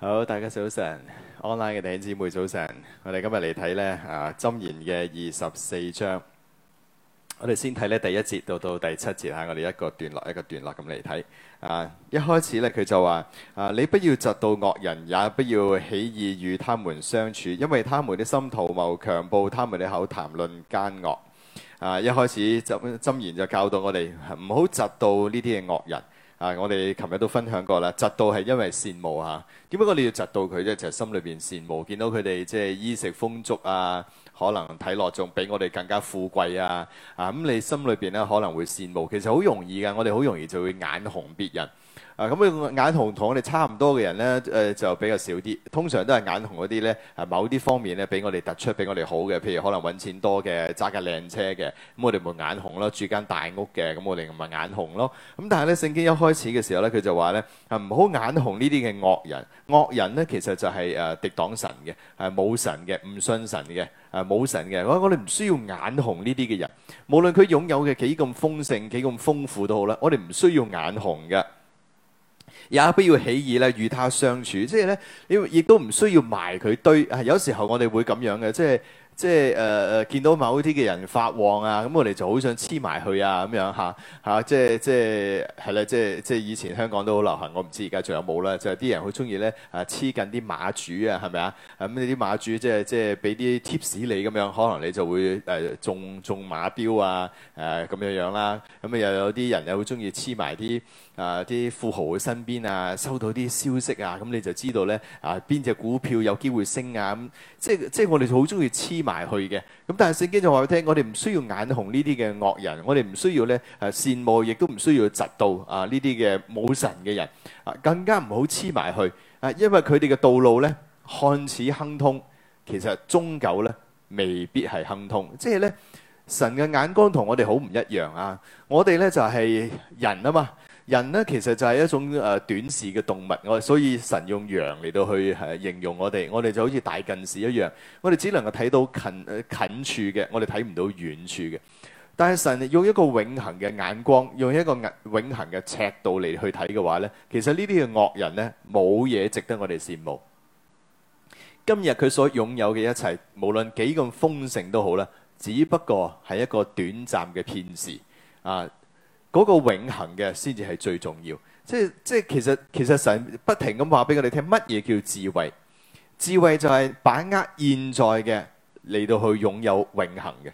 好，大家早晨，online 嘅弟兄姊妹早晨。我哋今日嚟睇呢，啊，箴言嘅二十四章。我哋先睇呢第一節到到第七節吓，我哋一個段落一個段落咁嚟睇。啊，一開始呢，佢就話啊，你不要嫉妒惡人，也不要起意與他們相處，因為他們的心圖謀強暴，他們嘅口談論奸惡。啊，一開始就箴言就教導我哋唔好嫉妒呢啲嘅惡人。啊！我哋琴日都分享過啦，嫉妒係因為羨慕嚇。點解你要嫉妒佢咧？就係、是、心裏邊羨慕，見到佢哋即係衣食豐足啊，可能睇落仲比我哋更加富貴啊！啊咁、嗯，你心裏邊咧可能會羨慕，其實好容易嘅，我哋好容易就會眼紅別人。啊咁、嗯、眼紅同我哋差唔多嘅人咧，誒、呃、就比較少啲。通常都係眼紅嗰啲咧，係、啊、某啲方面咧，比我哋突出，比我哋好嘅。譬如可能揾錢多嘅，揸架靚車嘅，咁、嗯、我哋咪眼紅咯。住間大屋嘅，咁我哋唔係眼紅咯。咁但係咧，聖經一開始嘅時候咧，佢就話咧，係唔好眼紅呢啲嘅惡人。惡人咧其實就係、是、誒、啊、敵擋神嘅，係、啊、冇神嘅，唔信神嘅，係、啊、冇神嘅。我我哋唔需要眼紅呢啲嘅人，無論佢擁有嘅幾咁豐盛、幾咁豐富都好啦。我哋唔需要眼紅嘅。也不要起意咧，與他相處。即係咧，亦亦都唔需要埋佢堆。係有時候我哋會咁樣嘅，即係。即係誒誒，見到某啲嘅人發旺啊，咁、嗯、我哋就好想黐埋去啊，咁樣嚇嚇、啊，即係即係係啦，即係即係以前香港都好流行，我唔知而家仲有冇啦，就係啲人好中意咧誒黐緊啲馬主啊，係咪啊？咁你啲馬主即係即係俾啲 tips 你咁樣，可能你就會誒、啊、中中馬標啊誒咁、啊、樣樣、啊、啦。咁、嗯、又有啲人又好中意黐埋啲啊啲富豪嘅身邊啊，收到啲消息啊，咁、嗯、你就知道咧啊邊隻股票有機會升啊咁、嗯。即係即係我哋好中意黐埋去嘅，咁但係聖經就話我聽，我哋唔需要眼紅呢啲嘅惡人，我哋唔需要咧誒羨慕，亦都唔需要嫉妒啊呢啲嘅冇神嘅人，啊更加唔好黐埋去啊，因為佢哋嘅道路咧看似亨通，其實終究咧未必係亨通，即係咧神嘅眼光同我哋好唔一樣啊，我哋咧就係人啊嘛。人呢，其實就係一種誒短視嘅動物，我所以神用羊嚟到去形容我哋，我哋就好似大近視一樣，我哋只能夠睇到近近處嘅，我哋睇唔到遠處嘅。但係神用一個永恆嘅眼光，用一個永恆嘅尺度嚟去睇嘅話呢，其實呢啲嘅惡人呢，冇嘢值得我哋羨慕。今日佢所擁有嘅一切，無論幾咁豐盛都好啦，只不過係一個短暫嘅騙事啊。嗰個永恆嘅先至係最重要，即係即係其實其實神不停咁話俾我哋聽，乜嘢叫智慧？智慧就係把握現在嘅嚟到去擁有永恆嘅。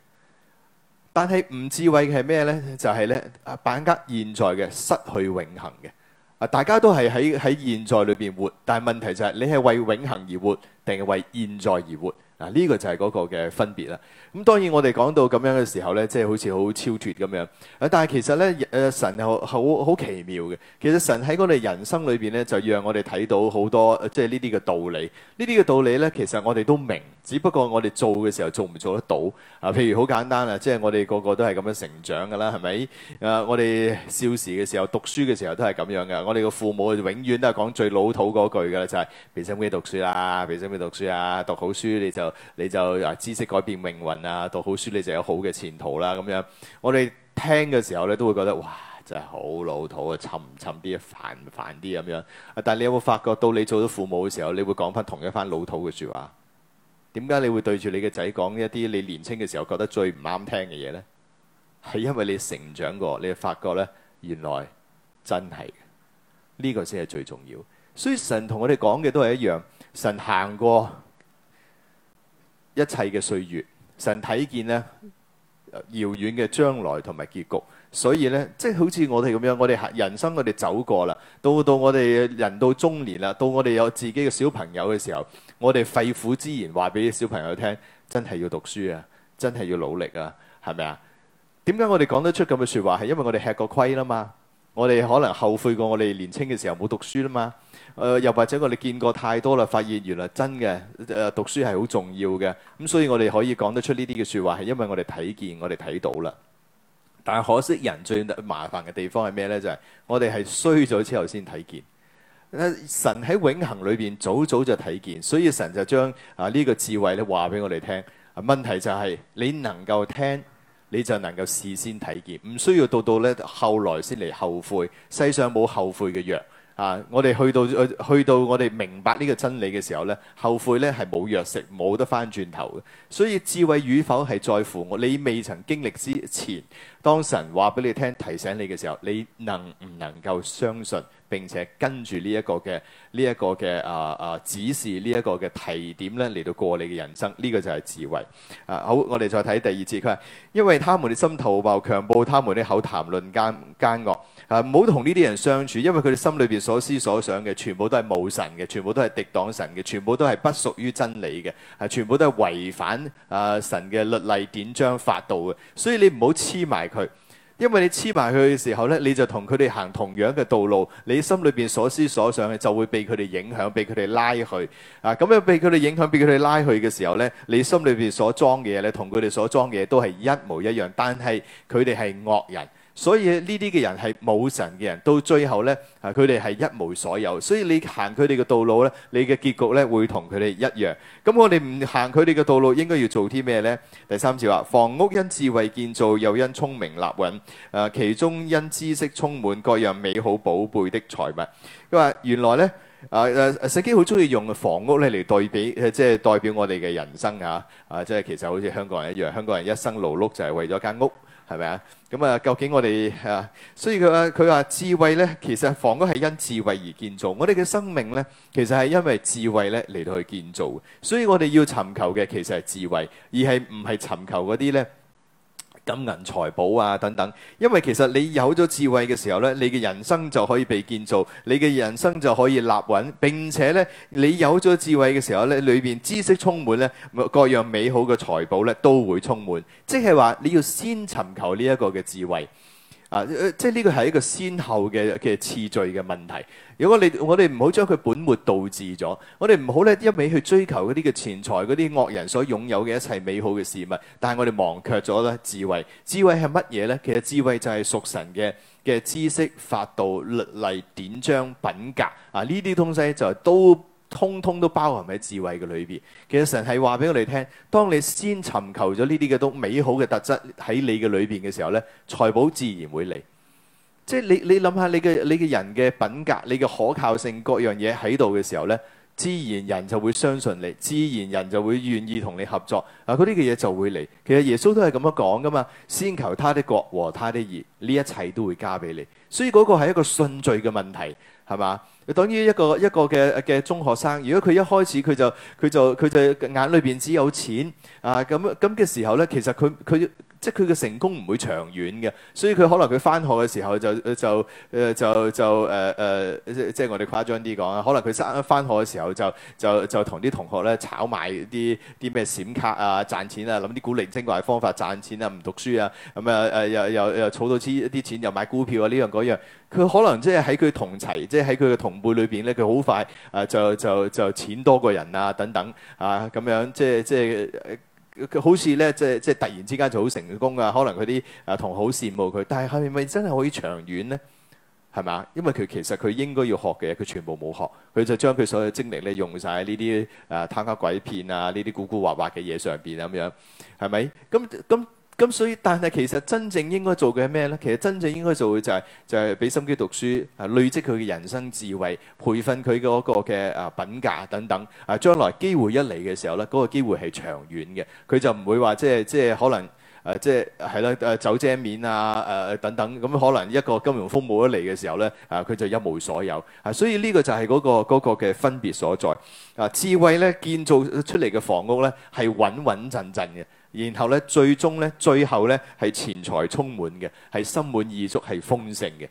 但係唔智慧嘅係咩呢？就係呢，啊，把握現在嘅失去永恆嘅啊，大家都係喺喺現在裏邊活，但係問題就係你係為永恆而活定係為現在而活？嗱，呢個就係嗰個嘅分別啦。咁當然我哋講到咁樣嘅時候呢，即係好似好超脫咁樣。但係其實呢，誒神又好好奇妙嘅。其實神喺我哋人生裏邊呢，就讓我哋睇到好多，即係呢啲嘅道理。呢啲嘅道理呢，其實我哋都明，只不過我哋做嘅時候做唔做得到啊？譬如好簡單啊，即係我哋個個都係咁樣成長噶啦，係咪？誒，我哋少時嘅時候、讀書嘅時候都係咁樣噶。我哋嘅父母永遠都係講最老土嗰句噶啦，就係：俾心機讀書啦，俾心機讀書啊，讀好書你就。你就啊，知識改變命運啊，讀好書你就有好嘅前途啦，啊。咁樣，我哋聽嘅時候咧，都會覺得哇，真係好老土啊，沉沉啲，煩煩啲咁樣。但係你有冇發覺到，你做咗父母嘅時候，你會講翻同一番老土嘅說話？點解你會對住你嘅仔講一啲你年輕嘅時候覺得最唔啱聽嘅嘢呢？係因為你成長過，你發覺呢，原來真係呢個先係最重要。所以神同我哋講嘅都係一樣，神行過。一切嘅歲月，神睇見呢遙遠嘅將來同埋結局，所以呢，即係好似我哋咁樣，我哋人生我哋走過啦，到到我哋人到中年啦，到我哋有自己嘅小朋友嘅時候，我哋肺腑之言話俾小朋友聽，真係要讀書啊，真係要努力啊，係咪啊？點解我哋講得出咁嘅説話？係因為我哋吃過虧啦嘛，我哋可能後悔過我哋年輕嘅時候冇讀書啦嘛。誒、呃、又或者我哋見過太多啦，發現原來真嘅誒、呃、讀書係好重要嘅，咁、嗯、所以我哋可以講得出呢啲嘅説話，係因為我哋睇見，我哋睇到啦。但係可惜人最麻煩嘅地方係咩呢？就係、是、我哋係衰咗之後先睇見。呃、神喺永恆裏邊早早就睇見，所以神就將啊呢個智慧咧話俾我哋聽。問題就係、是、你能夠聽，你就能夠事先睇見，唔需要到到咧後來先嚟後悔。世上冇後悔嘅藥。啊！我哋去到去到，去到我哋明白呢個真理嘅時候咧，後悔咧係冇藥食，冇得翻轉頭嘅。所以智慧與否係在乎我，你未曾經歷之前，當神話俾你聽，提醒你嘅時候，你能唔能夠相信？並且跟住呢一個嘅呢一個嘅啊啊指示呢一個嘅提點咧嚟到過你嘅人生呢，呢個就係智慧啊。好，我哋再睇第二次。佢話因為他們嘅心圖謀強暴，暴他們嘅口談論奸奸惡啊。唔好同呢啲人相處，因為佢哋心裏邊所思所想嘅全部都係冇神嘅，全部都係敵擋神嘅，全部都係不屬於真理嘅，係全部都係違、啊、反啊、呃、神嘅律例典章法度嘅，所以你唔好黐埋佢。因為你黐埋去嘅時候咧，你就同佢哋行同樣嘅道路，你心裏邊所思所想嘅就會被佢哋影響，被佢哋拉去啊！咁樣被佢哋影響，被佢哋拉去嘅時候咧，你心裏邊所裝嘅嘢咧，同佢哋所裝嘅嘢都係一模一樣，但係佢哋係惡人。所以呢啲嘅人係冇神嘅人，到最後呢，啊佢哋係一無所有。所以你行佢哋嘅道路呢，你嘅結局呢，會同佢哋一樣。咁、嗯、我哋唔行佢哋嘅道路，應該要做啲咩呢？第三節話：房屋因智慧建造，又因聰明立穩。誒、啊，其中因知識充滿各樣美好寶貝的財物。佢話原來呢，誒誒聖經好中意用房屋呢嚟對比，即係代、就是、代表我哋嘅人生嚇。啊，即、就、係、是、其實好似香港人一樣，香港人一生勞碌就係為咗間屋。係咪啊？咁啊、嗯，究竟我哋啊？所以佢話：佢話智慧呢，其實房屋係因智慧而建造；我哋嘅生命呢，其實係因為智慧呢嚟到去建造。所以我哋要尋求嘅其實係智慧，而係唔係尋求嗰啲呢。金銀財寶啊等等，因為其實你有咗智慧嘅時候呢，你嘅人生就可以被建造，你嘅人生就可以立穩。並且呢，你有咗智慧嘅時候呢，裏邊知識充滿呢，各樣美好嘅財寶呢都會充滿。即係話，你要先尋求呢一個嘅智慧。啊！即係呢個係一個先後嘅嘅次序嘅問題。如果你我哋唔好將佢本末倒置咗，我哋唔好咧一味去追求嗰啲嘅錢財、嗰啲惡人所擁有嘅一切美好嘅事物，但係我哋忘卻咗咧智慧。智慧係乜嘢呢？其實智慧就係屬神嘅嘅知識、法度、律例、典章、品格啊！呢啲東西就都，通通都包含喺智慧嘅裏邊。其實神係話俾我哋聽，當你先尋求咗呢啲嘅都美好嘅特質喺你嘅裏邊嘅時候呢，財寶自然會嚟。即係你你諗下你嘅你嘅人嘅品格、你嘅可靠性各樣嘢喺度嘅時候呢，自然人就會相信你，自然人就會願意同你合作啊！嗰啲嘅嘢就會嚟。其實耶穌都係咁樣講噶嘛，先求他的國和他的義，呢一切都會加俾你。所以嗰個係一個順序嘅問題。係嘛？等於一個一個嘅嘅中學生，如果佢一開始佢就佢就佢就眼裏邊只有錢啊咁咁嘅時候咧，其實佢佢。即係佢嘅成功唔會長遠嘅，所以佢可能佢翻學嘅時候就就就就誒誒，即係我哋誇張啲講啊，可能佢生翻學嘅時候就就就同啲同學咧炒賣啲啲咩閃卡啊賺錢啊，諗啲古靈精怪嘅方法賺錢啊唔讀書啊，咁誒誒又又又儲到啲一啲錢又買股票啊呢樣嗰樣，佢可能即係喺佢同齊，即係喺佢嘅同輩裏邊咧，佢好快誒就就就錢多過人啊等等啊咁樣，即係即係。佢好似咧，即係即係突然之間就好成功啊！可能佢啲啊同學好羨慕佢，但係係咪真係可以長遠呢？係咪啊？因為佢其實佢應該要學嘅，佢全部冇學，佢就將佢所有精力咧用晒喺呢啲啊貪黑鬼片啊呢啲古古惑惑嘅嘢上邊咁樣，係咪？咁咁。咁所以，但係其實真正應該做嘅係咩咧？其實真正應該做嘅就係、是、就係、是、俾心機讀書，啊累積佢嘅人生智慧，培訓佢嗰個嘅啊品格等等。啊，將來機會一嚟嘅時候咧，嗰、嗰個機會係長遠嘅，佢就唔會話即係即係可能即係係啦，走遮面啊誒、呃、等等。咁可能一個金融風暴一嚟嘅時候咧，啊佢就一無所有。啊，所以呢個就係嗰、嗰個嘅、嗰個、分別所在。啊，智慧咧建造出嚟嘅房屋咧係穩穩陣陣嘅。然後咧，最終咧，最後咧，係錢財充滿嘅，係心滿意足，係豐盛嘅。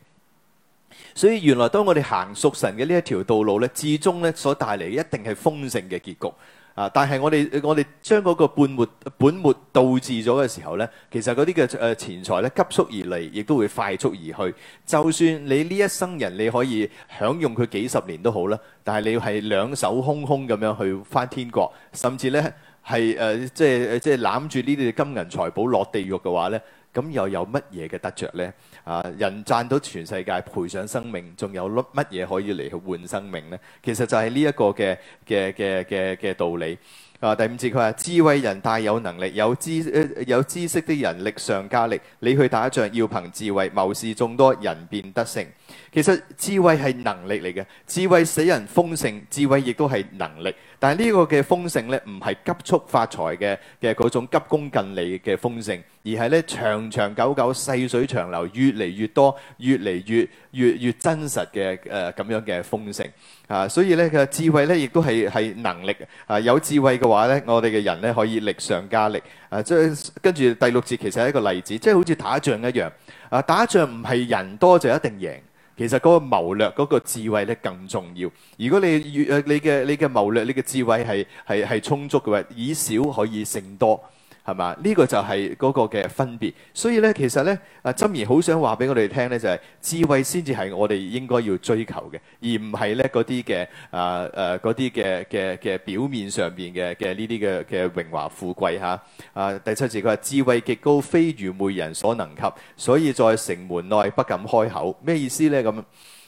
所以原來當我哋行屬神嘅呢一條道路咧，至終咧所帶嚟一定係豐盛嘅結局。啊！但係我哋我哋將嗰個半末本末倒置咗嘅時候咧，其實嗰啲嘅誒錢財咧急速而嚟，亦都會快速而去。就算你呢一生人你可以享用佢幾十年都好啦，但係你要係兩手空空咁樣去返天國，甚至咧。係誒、呃，即係即係攬住呢啲金銀財寶落地獄嘅話呢，咁又有乜嘢嘅得着呢？啊，人賺到全世界，賠上生命，仲有乜嘢可以嚟去換生命呢？其實就係呢一個嘅嘅嘅嘅嘅道理。啊，第五節佢話：智慧人大有能力，有知、呃、有知識的人力上加力，你去打仗要憑智慧，謀士眾多人便得勝。其實智慧係能力嚟嘅，智慧使人豐盛，智慧亦都係能力。但係呢個嘅豐盛呢，唔係急速發財嘅嘅嗰種急功近利嘅豐盛，而係呢長長久久、細水長流、越嚟越多、越嚟越越越真實嘅誒咁樣嘅豐盛。啊，所以呢個智慧呢亦都係係能力。啊，有智慧嘅話呢，我哋嘅人呢可以力上加力。啊，即係跟住第六節其實係一個例子，即係好似打仗一樣。啊，打仗唔係人多就一定贏。其實嗰個謀略、嗰、嗰個智慧咧更重要。如果你越誒你嘅你嘅謀略、你嘅智慧係係係充足嘅話，以少可以勝多。係嘛？呢、這個就係嗰個嘅分別。所以咧，其實咧，啊，箴言好想話俾我哋聽咧，就係、是、智慧先至係我哋應該要追求嘅，而唔係咧嗰啲嘅啊誒啲嘅嘅嘅表面上邊嘅嘅呢啲嘅嘅榮華富貴嚇。啊，第七節佢話智慧極高，非愚昧人所能及，所以在城門內不敢開口。咩意思咧？咁啊、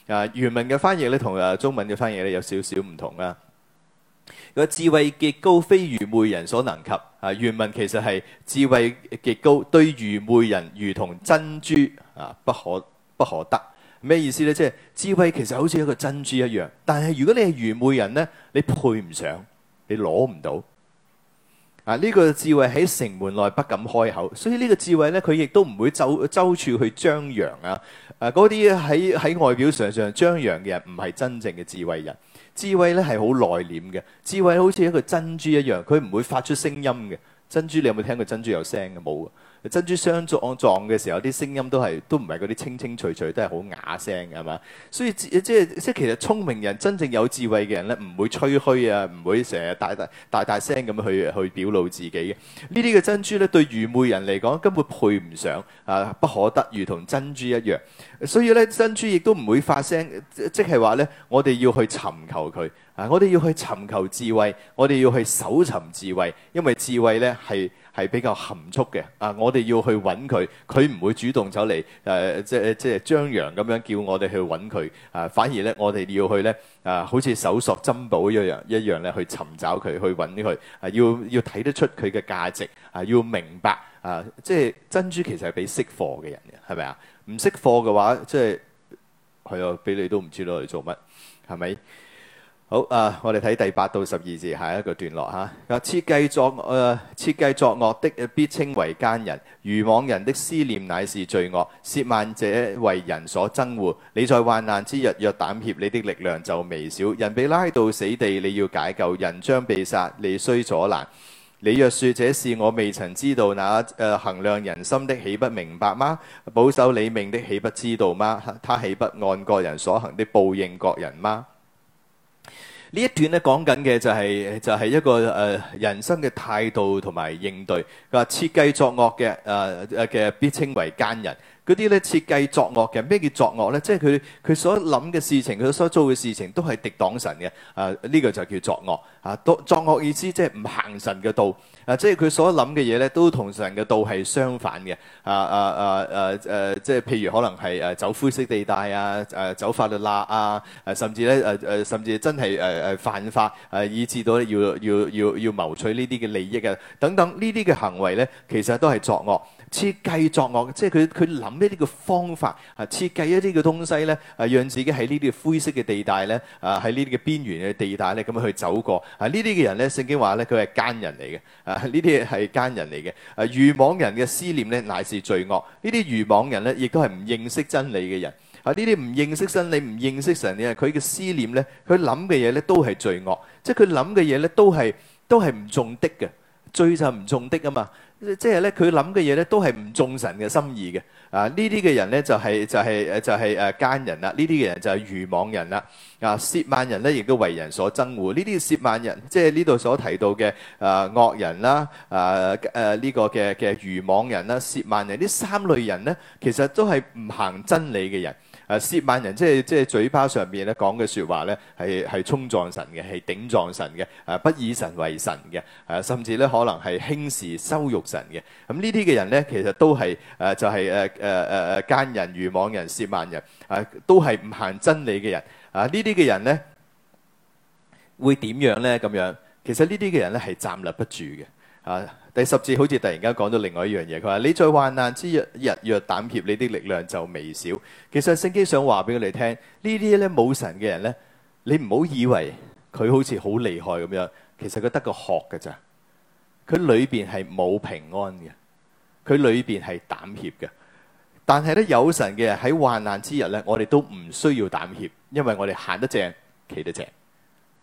呃，原文嘅翻譯咧同誒中文嘅翻譯咧有少少唔同啊。個智慧極高，非愚昧人所能及。啊，原文其實係智慧極高，對愚昧人如同珍珠啊，不可不可得。咩意思呢？即係智慧其實好似一個珍珠一樣，但係如果你係愚昧人呢，你配唔上，你攞唔到。啊，呢個智慧喺城門內不敢開口，所以呢個智慧呢，佢亦都唔會周周處去張揚啊。啊，嗰啲喺喺外表上上張揚嘅人，唔係真正嘅智慧人。智慧咧係好內斂嘅，智慧好似一個珍珠一樣，佢唔會發出聲音嘅。珍珠，你有冇聽過珍珠有聲嘅？冇。珍珠相撞撞嘅時候，啲聲音都係都唔係嗰啲清清脆脆，都係好啞聲嘅係嘛。所以即係即係其實聰明人真正有智慧嘅人咧，唔會吹噓啊，唔會成日大大大大聲咁去去表露自己嘅，呢啲嘅珍珠咧，對愚昧人嚟講根本配唔上啊，不可得如同珍珠一樣。所以咧，珍珠亦都唔會發聲，即係話咧，我哋要去尋求佢。啊！我哋要去尋求智慧，我哋要去搜尋智慧，因為智慧咧係係比較含蓄嘅。啊！我哋要去揾佢，佢唔會主動走嚟誒、啊，即係即係張揚咁樣叫我哋去揾佢。啊，反而咧我哋要去咧啊，好似搜索珍寶，寶一樣一樣咧去尋找佢，去揾佢啊，要要睇得出佢嘅價值啊，要明白啊，即係珍珠其實係俾識貨嘅人嘅，係咪啊？唔識貨嘅話，即係係啊，俾、哎、你都唔知攞嚟做乜，係咪？好啊，我哋睇第八到十二字，下一個段落嚇。設、啊、計作誒設計作惡的必稱為奸人，愚妄人的思念乃是罪惡。褻慢者為人所憎惡。你在患難之日若膽怯，你的力量就微小。人被拉到死地，你要解救；人將被殺，你須阻攔。你若説這事我未曾知道那，那、呃、誒衡量人心的，豈不明白嗎？保守你命的，豈不知道嗎？他豈不按各人所行的報應各人嗎？呢一段咧講緊嘅就係、是、就係、是、一個誒、呃、人生嘅態度同埋應對。佢話設計作惡嘅誒誒嘅必稱為奸人。嗰啲咧設計作惡嘅咩叫作惡咧？即係佢佢所諗嘅事情，佢所做嘅事情都係敵擋神嘅。誒、呃、呢、這個就叫作惡。啊，多作惡意思即係唔行神嘅道。啊，即係佢所諗嘅嘢咧，都同神嘅道係相反嘅。啊啊啊啊誒，即係譬如可能係誒走灰色地帶啊，誒走法律罅、啊，啊，誒甚至咧誒誒甚至真係誒誒犯法，誒、啊、以至到要要要要謀取呢啲嘅利益啊等等。呢啲嘅行為咧，其實都係作惡，設計作惡。即係佢佢諗一啲嘅方法，啊設計一啲嘅東西咧，啊讓自己喺呢啲灰色嘅地帶咧，啊喺呢啲嘅邊緣嘅地帶咧，咁樣去走過。啊！呢啲嘅人咧，聖經話咧，佢係奸人嚟嘅。啊！呢啲係奸人嚟嘅。啊！愚妄人嘅思念咧，乃是罪惡。網呢啲愚妄人咧，亦都係唔認識真理嘅人。啊！呢啲唔認識真理、唔認識神嘅人，佢嘅思念咧，佢諗嘅嘢咧，都係罪惡。即係佢諗嘅嘢咧，都係都係唔中的嘅，罪就唔中的啊嘛。即係咧，佢諗嘅嘢咧，都係唔中神嘅心意嘅。啊，呢啲嘅人咧就係、是、就係、是、誒就係、是、誒、就是、奸人啦，呢啲嘅人就係愚妄人啦。啊，褻慢人咧，亦都為人所憎惡。呢啲褻慢人，即係呢度所提到嘅誒惡人啦，誒誒呢個嘅嘅愚妄人啦，褻慢人呢三類人咧，其實都係唔行真理嘅人。誒，褻慢人，即係即係嘴巴上面咧講嘅説話咧係係衝撞神嘅，係頂撞神嘅，誒、啊、不以神為神嘅，誒、啊、甚至咧可能係輕視羞辱神嘅。咁、啊、呢啲嘅人咧，其實都係，誒就係誒誒誒誒，奸人、愚妄人、褻慢人誒、啊、都係唔行真理嘅人。啊，人呢啲嘅人咧會點樣咧？咁樣其實呢啲嘅人咧係站立不住嘅啊。第十節好似突然間講咗另外一樣嘢，佢話：你在患難之日若膽怯，你啲力量就微小。其實聖經想話俾我哋聽，呢啲咧冇神嘅人呢，你唔好以為佢好似好厲害咁樣，其實佢得個殼㗎咋，佢裏邊係冇平安嘅，佢裏邊係膽怯嘅。但係咧有神嘅人喺患難之日呢，我哋都唔需要膽怯，因為我哋行得正，企得正。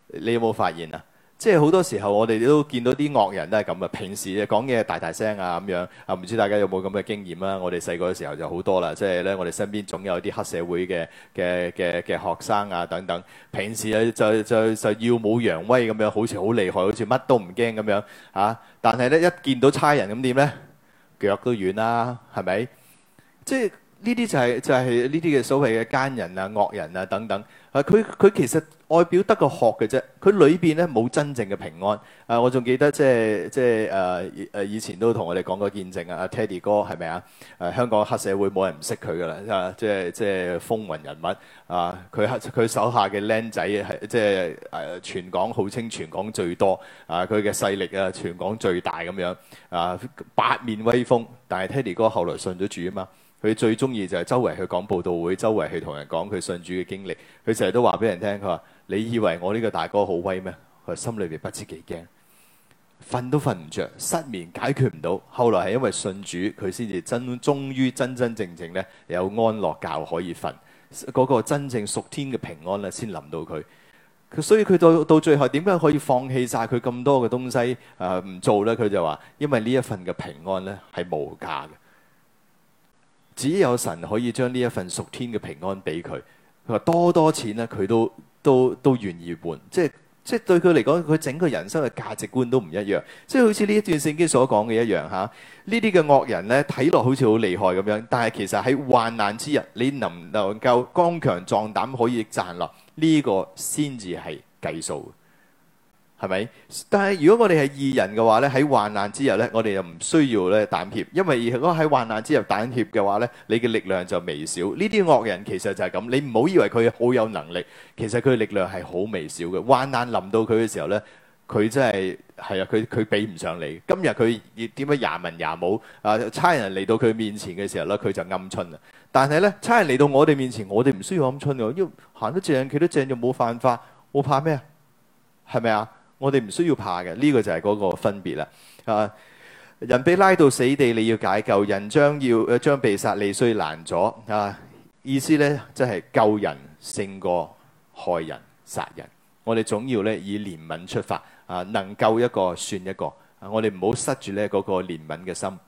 你有冇發現啊？即係好多時候，我哋都見到啲惡人都係咁啊！平時講嘢大大聲啊，咁樣啊，唔知大家有冇咁嘅經驗啦？我哋細個嘅時候就好多啦，即係咧，我哋身邊總有啲黑社會嘅嘅嘅嘅學生啊等等，平時就就就耀武揚威咁樣，好似好厲害，好似乜都唔驚咁樣嚇。但係咧，一見到差人咁點咧，腳都軟啦，係咪？即係呢啲就係就係呢啲嘅所謂嘅奸人啊、惡人啊等等。啊！佢佢其實外表得個殼嘅啫，佢裏邊咧冇真正嘅平安。啊！我仲記得即係即係誒誒以前都同我哋講過見證啊，阿 Teddy 哥係咪啊？誒香港黑社會冇人唔識佢噶啦，即係即係風雲人物啊！佢黑佢手下嘅僆仔係即係誒、啊、全港號稱全港最多啊！佢嘅勢力啊，全港最大咁樣啊，八面威風。但係 Teddy 哥後來信咗主啊嘛。佢最中意就係周圍去講佈道會，周圍去同人講佢信主嘅經歷。佢成日都話俾人聽，佢話：你以為我呢個大哥好威咩？佢心裏邊不知幾驚，瞓都瞓唔着，失眠解決唔到。後來係因為信主，佢先至真終於真真正正咧有安樂覺可以瞓，嗰、那個真正屬天嘅平安咧先臨到佢。所以佢到到最後點解可以放棄晒佢咁多嘅東西誒唔、呃、做呢？佢就話：因為呢一份嘅平安咧係無價嘅。只有神可以將呢一份屬天嘅平安俾佢。佢話多多錢咧，佢都都都願意換。即係即係對佢嚟講，佢整個人生嘅價值觀都唔一樣。即係好似呢一段聖經所講嘅一樣嚇，呢啲嘅惡人呢睇落好似好厲害咁樣，但係其實喺患難之日，你能能夠剛強壯膽可以站落，呢、這個先至係計數。係咪？但係如果我哋係義人嘅話咧，喺患難之日咧，我哋又唔需要咧膽怯，因為如果喺患難之日膽怯嘅話咧，你嘅力量就微小。呢啲惡人其實就係咁，你唔好以為佢好有能力，其實佢嘅力量係好微小嘅。患難臨到佢嘅時候咧，佢真係係啊，佢佢比唔上你。今日佢點樣廿文廿武啊？差人嚟到佢面前嘅時候咧，佢就暗春啦。但係咧，差人嚟到我哋面前，我哋唔需要暗春嘅，因為行得正，企得，得正，又冇犯法，我怕咩啊？係咪啊？我哋唔需要怕嘅，呢、這個就係嗰個分別啦。啊，人被拉到死地，你要解救；人將要將被殺，你需要攔咗。啊，意思呢，即係救人勝過害人、殺人。我哋總要呢以憐憫出發。啊，能救一個算一個。我哋唔好塞住呢嗰、那個憐憫嘅心。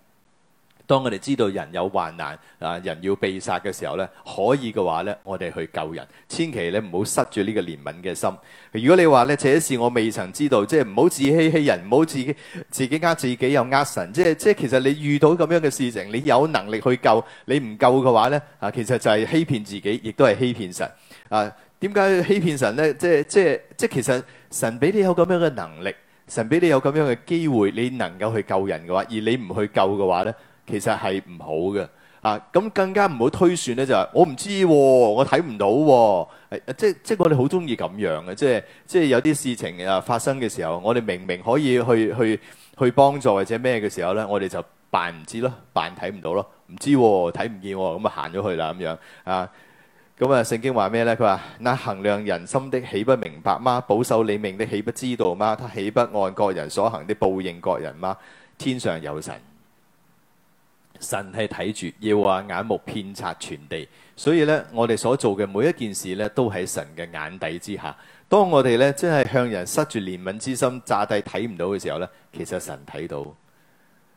當我哋知道人有患難啊，人要被殺嘅時候咧，可以嘅話咧，我哋去救人，千祈咧唔好塞住呢個憐憫嘅心。如果你話咧，這事我未曾知道，即係唔好自欺欺人，唔好自己自己呃自己又呃神。即係即係其實你遇到咁樣嘅事情，你有能力去救，你唔救嘅話咧啊，其實就係欺騙自己，亦都係欺騙神啊。點解欺騙神咧？即係即係即係其實神俾你有咁樣嘅能力，神俾你有咁樣嘅機會，你能夠去救人嘅話，而你唔去救嘅話咧？其實係唔好嘅，啊咁更加唔好推算咧，就係我唔知喎，我睇唔、啊、到喎、啊，誒、啊、即即我哋好中意咁樣嘅，即即有啲事情啊發生嘅時候，我哋明明可以去去去幫助或者咩嘅時候咧，我哋就扮唔知咯，扮睇唔到咯，唔知喎睇唔見喎，咁啊行咗去啦咁樣啊，咁啊聖、嗯啊嗯、經話咩咧？佢話：那衡量人心的，豈不明白嗎？保守你命的，豈不知道嗎？他豈不按各人所行的報應各人嗎？天上有神。神係睇住，要啊眼目遍察全地，所以呢，我哋所做嘅每一件事呢，都喺神嘅眼底之下。當我哋呢，真係向人塞住憐憫之心，詐諦睇唔到嘅時候呢，其實神睇到，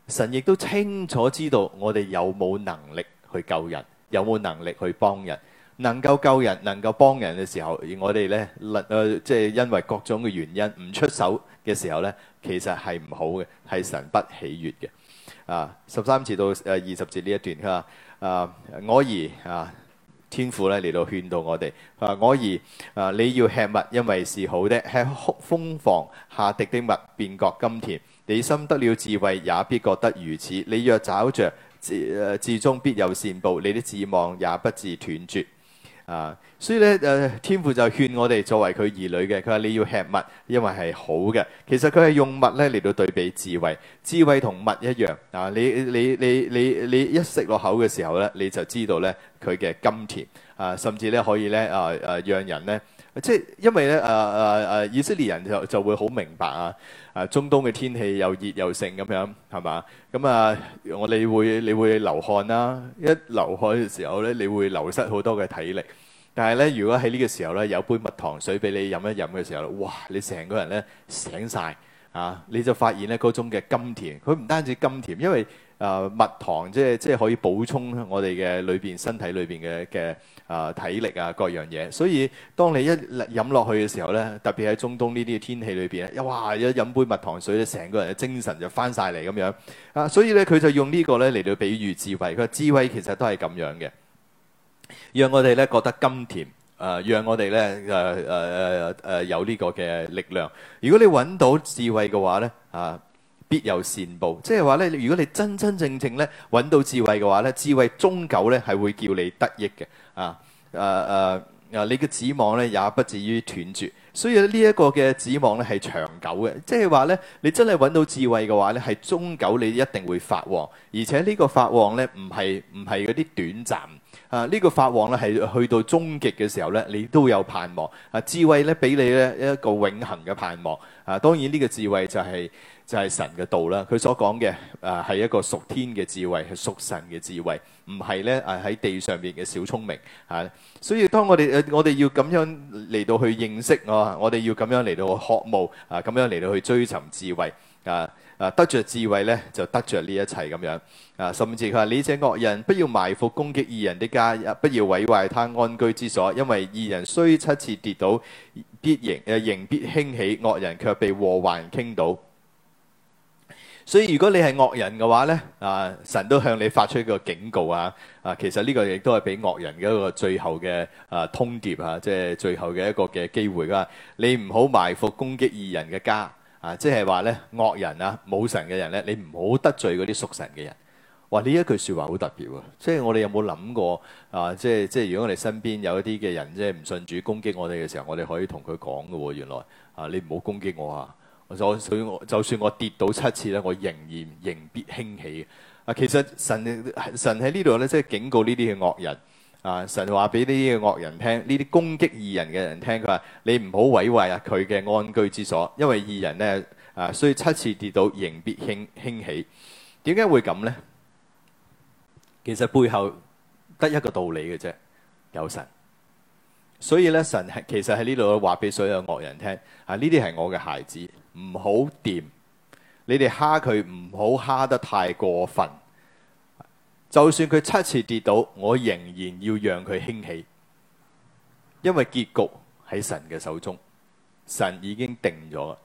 神亦都清楚知道我哋有冇能力去救人，有冇能力去幫人，能夠救人、能夠幫人嘅時候，而我哋呢，誒、呃、即係因為各種嘅原因唔出手嘅時候呢，其實係唔好嘅，係神不喜悦嘅。啊，十三節到誒二十節呢一段，佢話：啊，我兒啊，天父咧嚟到勸導我哋。啊，我兒啊，你要吃蜜，因為是好的；吃苦風房蜂房下滴的蜜，便覺甘甜。你心得了智慧，也必覺得如此。你若找着，自誒、呃、至終，必有善報。你的指望也不致斷絕。啊，所以咧，誒、呃，天父就勸我哋作為佢兒女嘅，佢話你要吃蜜，因為係好嘅。其實佢係用蜜咧嚟到對比智慧，智慧同蜜一樣。啊，你你你你你一食落口嘅時候咧，你就知道咧佢嘅甘甜。啊，甚至咧可以咧啊啊，讓人咧，即係因為咧啊啊啊，以色列人就就會好明白啊。啊，中東嘅天氣又熱又盛咁樣，係嘛咁啊？我哋你會你會流汗啦，一流汗嘅時候咧，你會流失好多嘅體力。但係咧，如果喺呢個時候咧有杯蜜糖水俾你飲一飲嘅時候，哇！你成個人咧醒曬啊！你就發現咧嗰種嘅甘甜，佢唔單止甘甜，因為啊，蜜糖即係即係可以補充我哋嘅裏邊身體裏邊嘅嘅。啊、呃，體力啊，各樣嘢，所以當你一飲落去嘅時候呢，特別喺中東呢啲天氣裏邊呢一哇！一飲杯蜜糖水咧，成個人嘅精神就翻晒嚟咁樣啊、呃！所以呢，佢就用呢個呢嚟到比喻智慧，佢話智慧其實都係咁樣嘅，讓我哋呢覺得甘甜，誒、呃，讓我哋呢誒誒誒有呢個嘅力量。如果你揾到智慧嘅話呢，啊，必有善報。即係話呢，如果你真真正正呢揾到智慧嘅話呢，智慧終究呢係會，會叫你得益嘅。啊！誒誒誒， 你嘅指望咧也不至於斷絕，所以呢一個嘅指望咧係長久嘅，即係話咧你真係揾到智慧嘅話咧，係終久你一定會發旺，而且個呢個發旺咧唔係唔係嗰啲短暫啊！這個、呢個發旺咧係去到終極嘅時候咧，你都有盼望啊！智慧咧俾你咧一個永恆嘅盼望啊！當然呢個智慧就係、是。就係神嘅道啦。佢所講嘅誒係一個屬天嘅智慧，係屬神嘅智慧，唔係咧誒喺地上面嘅小聰明嚇。所以當我哋誒我哋要咁樣嚟到去認識啊，我哋要咁樣嚟到渴慕啊，咁樣嚟到去追尋智慧啊啊，得著智慧咧，就得著呢一切咁樣啊。甚至佢話：你這惡人，不要埋伏攻擊義人的家，不要毀壞他安居之所，因為義人雖七次跌倒，必仍誒仍必興起；惡人卻被禍患傾倒。所以如果你係惡人嘅話咧，啊神都向你發出一個警告啊！啊其實呢個亦都係俾惡人嘅一個最後嘅啊通牒啊，即係最後嘅一個嘅機會啦、啊。你唔好埋伏攻擊義人嘅家啊！即係話咧，惡人啊冇神嘅人咧，你唔好得罪嗰啲屬神嘅人。哇！呢一句説話好特別啊，即係我哋有冇諗過啊？即係即係，如果我哋身邊有一啲嘅人即係唔信主攻擊我哋嘅時候，我哋可以同佢講嘅喎。原來啊，你唔好攻擊我啊！所以就算我跌倒七次咧，我仍然仍必興起。啊，其實神神喺呢度咧，即係警告呢啲嘅惡人啊，神話俾呢啲嘅惡人聽，呢啲攻擊義人嘅人聽，佢話你唔好毀壞啊佢嘅安居之所，因為義人呢，啊，所以七次跌倒仍必興興起。點解會咁呢？其實背後得一個道理嘅啫，有神。所以咧，神係其實喺呢度咧話俾所有惡人聽啊，呢啲係我嘅孩子。唔好掂，你哋蝦佢唔好蝦得太過分。就算佢七次跌倒，我仍然要讓佢興起，因為結局喺神嘅手中，神已經定咗。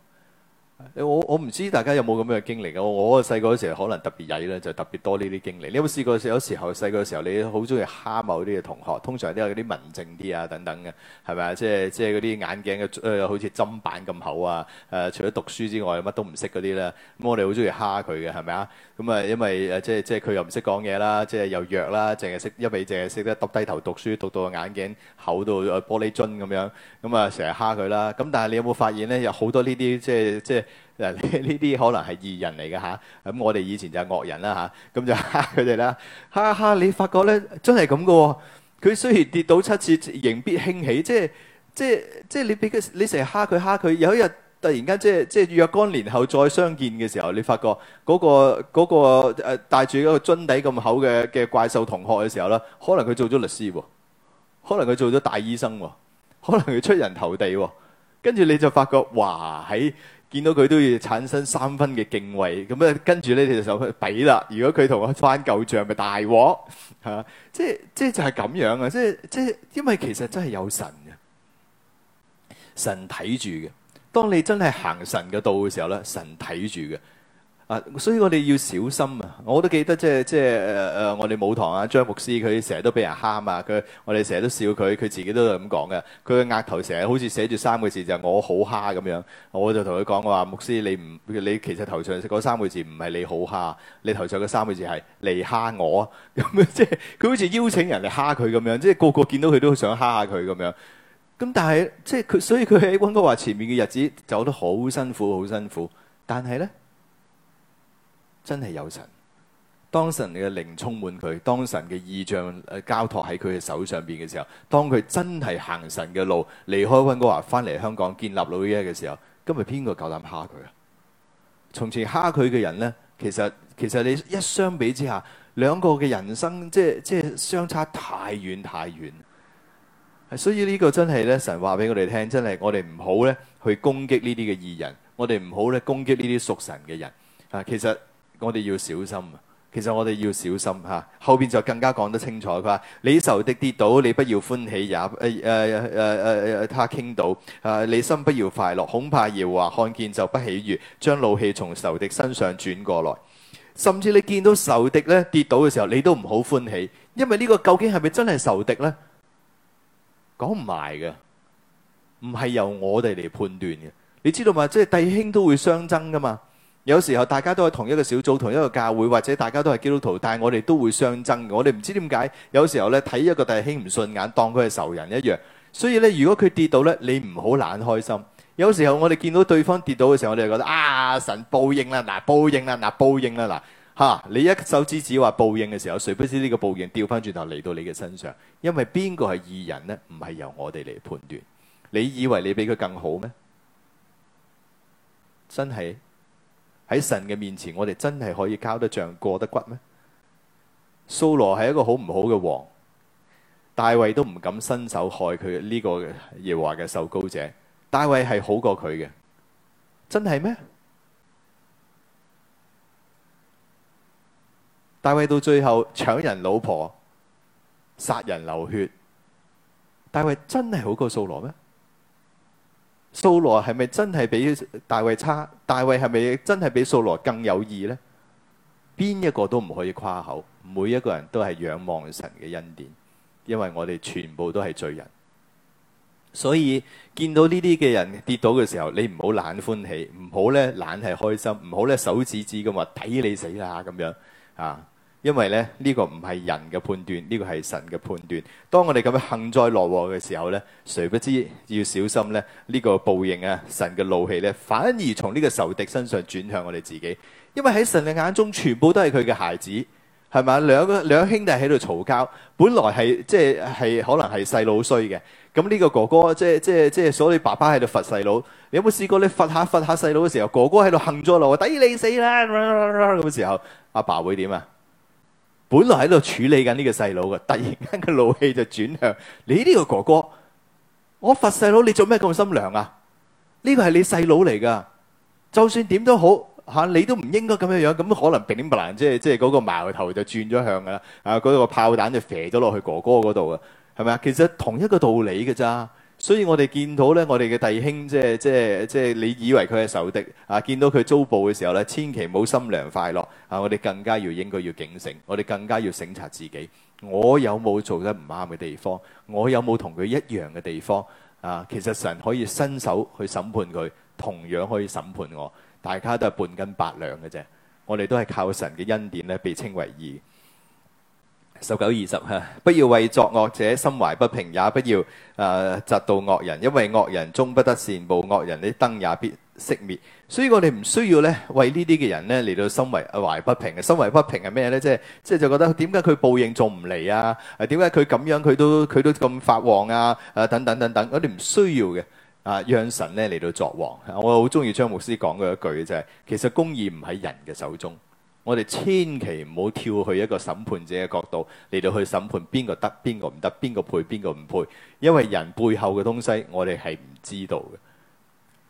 我我唔知大家有冇咁嘅經歷嘅，我我細個嗰時候可能特別曳咧，就是、特別多呢啲經歷。你有冇試過有時候細個嘅時候，時候你好中意蝦某啲嘅同學，通常都有啲文靜啲啊等等嘅，係咪啊？即係即係嗰啲眼鏡嘅、呃，好似砧板咁厚啊！誒、呃，除咗讀書之外，乜都唔識嗰啲啦。咁、嗯、我哋好中意蝦佢嘅，係咪啊？咁、嗯、啊，因為即係即係佢又唔識講嘢啦，即係又，又弱啦，淨係識一味淨係識得耷低頭讀書，讀到眼鏡厚到玻璃樽咁樣。咁啊，成日蝦佢啦。咁但係你有冇發現咧？有好多呢啲即係即係。即即即即即誒，呢啲可能係異人嚟嘅吓，咁、啊嗯、我哋以前就係惡人啦、啊嗯、吓，咁就蝦佢哋啦，哈哈！你發覺咧，真係咁嘅，佢雖然跌倒七次，仍必興起，即係即係即係你俾佢，你成日蝦佢蝦佢，有一日突然間即係即係若干年後再相見嘅時候，你發覺嗰、那個嗰、那個誒帶住一個樽底咁厚嘅嘅怪獸同學嘅時候咧，可能佢做咗律師、哦，可能佢做咗大醫生、哦，可能佢出人頭地、哦，跟住你就發覺，哇喺～見到佢都要產生三分嘅敬畏，咁咧跟住咧你就就去比啦。如果佢同我翻舊賬，咪大鑊嚇！即係即係就係咁樣啊！即係即係，因為其實真係有神嘅，神睇住嘅。當你真係行神嘅道嘅時候咧，神睇住嘅。啊！所以我哋要小心啊！我都記得，即係即係誒誒，我哋母堂啊，張牧師佢成日都俾人蝦啊。佢我哋成日都笑佢，佢自己都係咁講嘅。佢嘅額頭成日好似寫住三個字，就係我好蝦咁樣。我就同佢講，我話牧師，你唔你其實頭上嗰三個字唔係你好蝦，你頭上嘅三個字係嚟蝦我咁樣。即係佢好似邀請人嚟蝦佢咁樣，即係個個見到佢都想蝦下佢咁樣。咁但係即係佢，所以佢喺温哥華前面嘅日子走得好辛苦，好辛苦。但係咧。真係有神，當神嘅靈充滿佢，當神嘅意象誒交託喺佢嘅手上邊嘅時候，當佢真係行神嘅路，離開溫哥華翻嚟香港建立老耶嘅時候，今日邊個夠膽蝦佢啊？從前蝦佢嘅人呢？其實其實你一相比之下，兩個嘅人生即係即係相差太遠太遠。所以呢個真係咧，神話俾我哋聽，真係我哋唔好咧去攻擊呢啲嘅義人，我哋唔好咧攻擊呢啲屬神嘅人。啊，其實。我哋要小心，其實我哋要小心嚇、啊。後邊就更加講得清楚，佢、啊、話：你仇敵跌倒，你不要歡喜也；誒誒誒誒他傾倒，誒、啊、你心不要快樂。恐怕耶和華看見就不喜悅，將怒氣從仇敵身上轉過來。甚至你見到仇敵咧跌倒嘅時候，你都唔好歡喜，因為呢個究竟係咪真係仇敵呢？講唔埋㗎，唔係由我哋嚟判斷嘅。你知道嘛？即係弟兄都會相爭噶嘛。有時候大家都喺同一個小組、同一個教會，或者大家都係基督徒，但係我哋都會相爭。我哋唔知點解，有時候咧睇一個弟兄唔順眼，當佢係仇人一樣。所以咧，如果佢跌倒咧，你唔好懶開心。有時候我哋見到對方跌倒嘅時候，我哋就覺得啊，神報應啦，嗱報應啦，嗱報應啦，嗱吓，你一手指指話報應嘅時候，誰不知呢個報應掉翻轉頭嚟到你嘅身上？因為邊個係義人呢？唔係由我哋嚟判斷。你以為你比佢更好咩？真係。喺神嘅面前，我哋真係可以交得帳、過得骨咩？掃羅係一個好唔好嘅王，大衛都唔敢伸手害佢呢個耶華嘅受膏者。大衛係好過佢嘅，真係咩？大衛到最後搶人老婆、殺人流血，大衛真係好過掃羅咩？掃羅係咪真係比大衛差？大衛係咪真係比掃羅更有義呢？邊一個都唔可以誇口，每一個人都係仰望神嘅恩典，因為我哋全部都係罪人。所以見到呢啲嘅人跌倒嘅時候，你唔好懶歡喜，唔好咧懶係開心，唔好咧手指指咁話抵你死啦咁樣啊！因為咧，呢個唔係人嘅判斷，呢個係神嘅判斷。當我哋咁樣幸災樂禍嘅時候咧，誰不知要小心咧？呢個報應啊，神嘅怒氣咧，反而從呢個仇敵身上轉向我哋自己。因為喺神嘅眼中，全部都係佢嘅孩子，係咪？兩個兩兄弟喺度嘈交，本來係即係係可能係細佬衰嘅，咁呢個哥哥即即即所以爸爸喺度罰細佬。你有冇試過你罰下罰下細佬嘅時候，哥哥喺度幸災樂禍，抵你死啦咁嘅時候，阿爸會點啊？本來喺度處理緊呢個細佬噶，突然間個怒氣就轉向你呢個哥哥，我罰細佬，你做咩咁心涼啊？呢、這個係你細佬嚟噶，就算點都好吓、啊，你都唔應該咁樣樣，咁、嗯、可能點不難，即係即係嗰個矛頭就轉咗向噶啦，啊嗰、那個炮彈就射咗落去哥哥嗰度啊，係咪啊？其實同一個道理噶咋。所以我哋見到咧，我哋嘅弟兄即係即係即係，你以為佢係受敵啊？見到佢遭報嘅時候咧，千祈唔好心涼快樂啊！我哋更加要應該要警醒，我哋更加要省察自己，我有冇做得唔啱嘅地方？我有冇同佢一樣嘅地方啊？其實神可以伸手去審判佢，同樣可以審判我。大家都係半斤八兩嘅啫，我哋都係靠神嘅恩典咧，被稱為義。十九二十嚇，不要為作惡者心懷不平，也不要誒，嫉妒惡人，因為惡人終不得善報，惡人啲燈也必熄滅。所以我哋唔需要咧，為呢啲嘅人咧，嚟到心懷懷不平嘅，心懷不平係咩咧？即係即係就覺得點解佢報應仲唔嚟啊？點解佢咁樣佢都佢都咁發旺啊？誒，等等等等，我哋唔需要嘅啊，讓神咧，嚟到作王。我好中意張牧師講嘅一句啫，就係其實公義唔喺人嘅手中。我哋千祈唔好跳去一個審判者嘅角度嚟到去審判邊個得邊個唔得邊個配邊個唔配，因為人背後嘅東西我哋係唔知道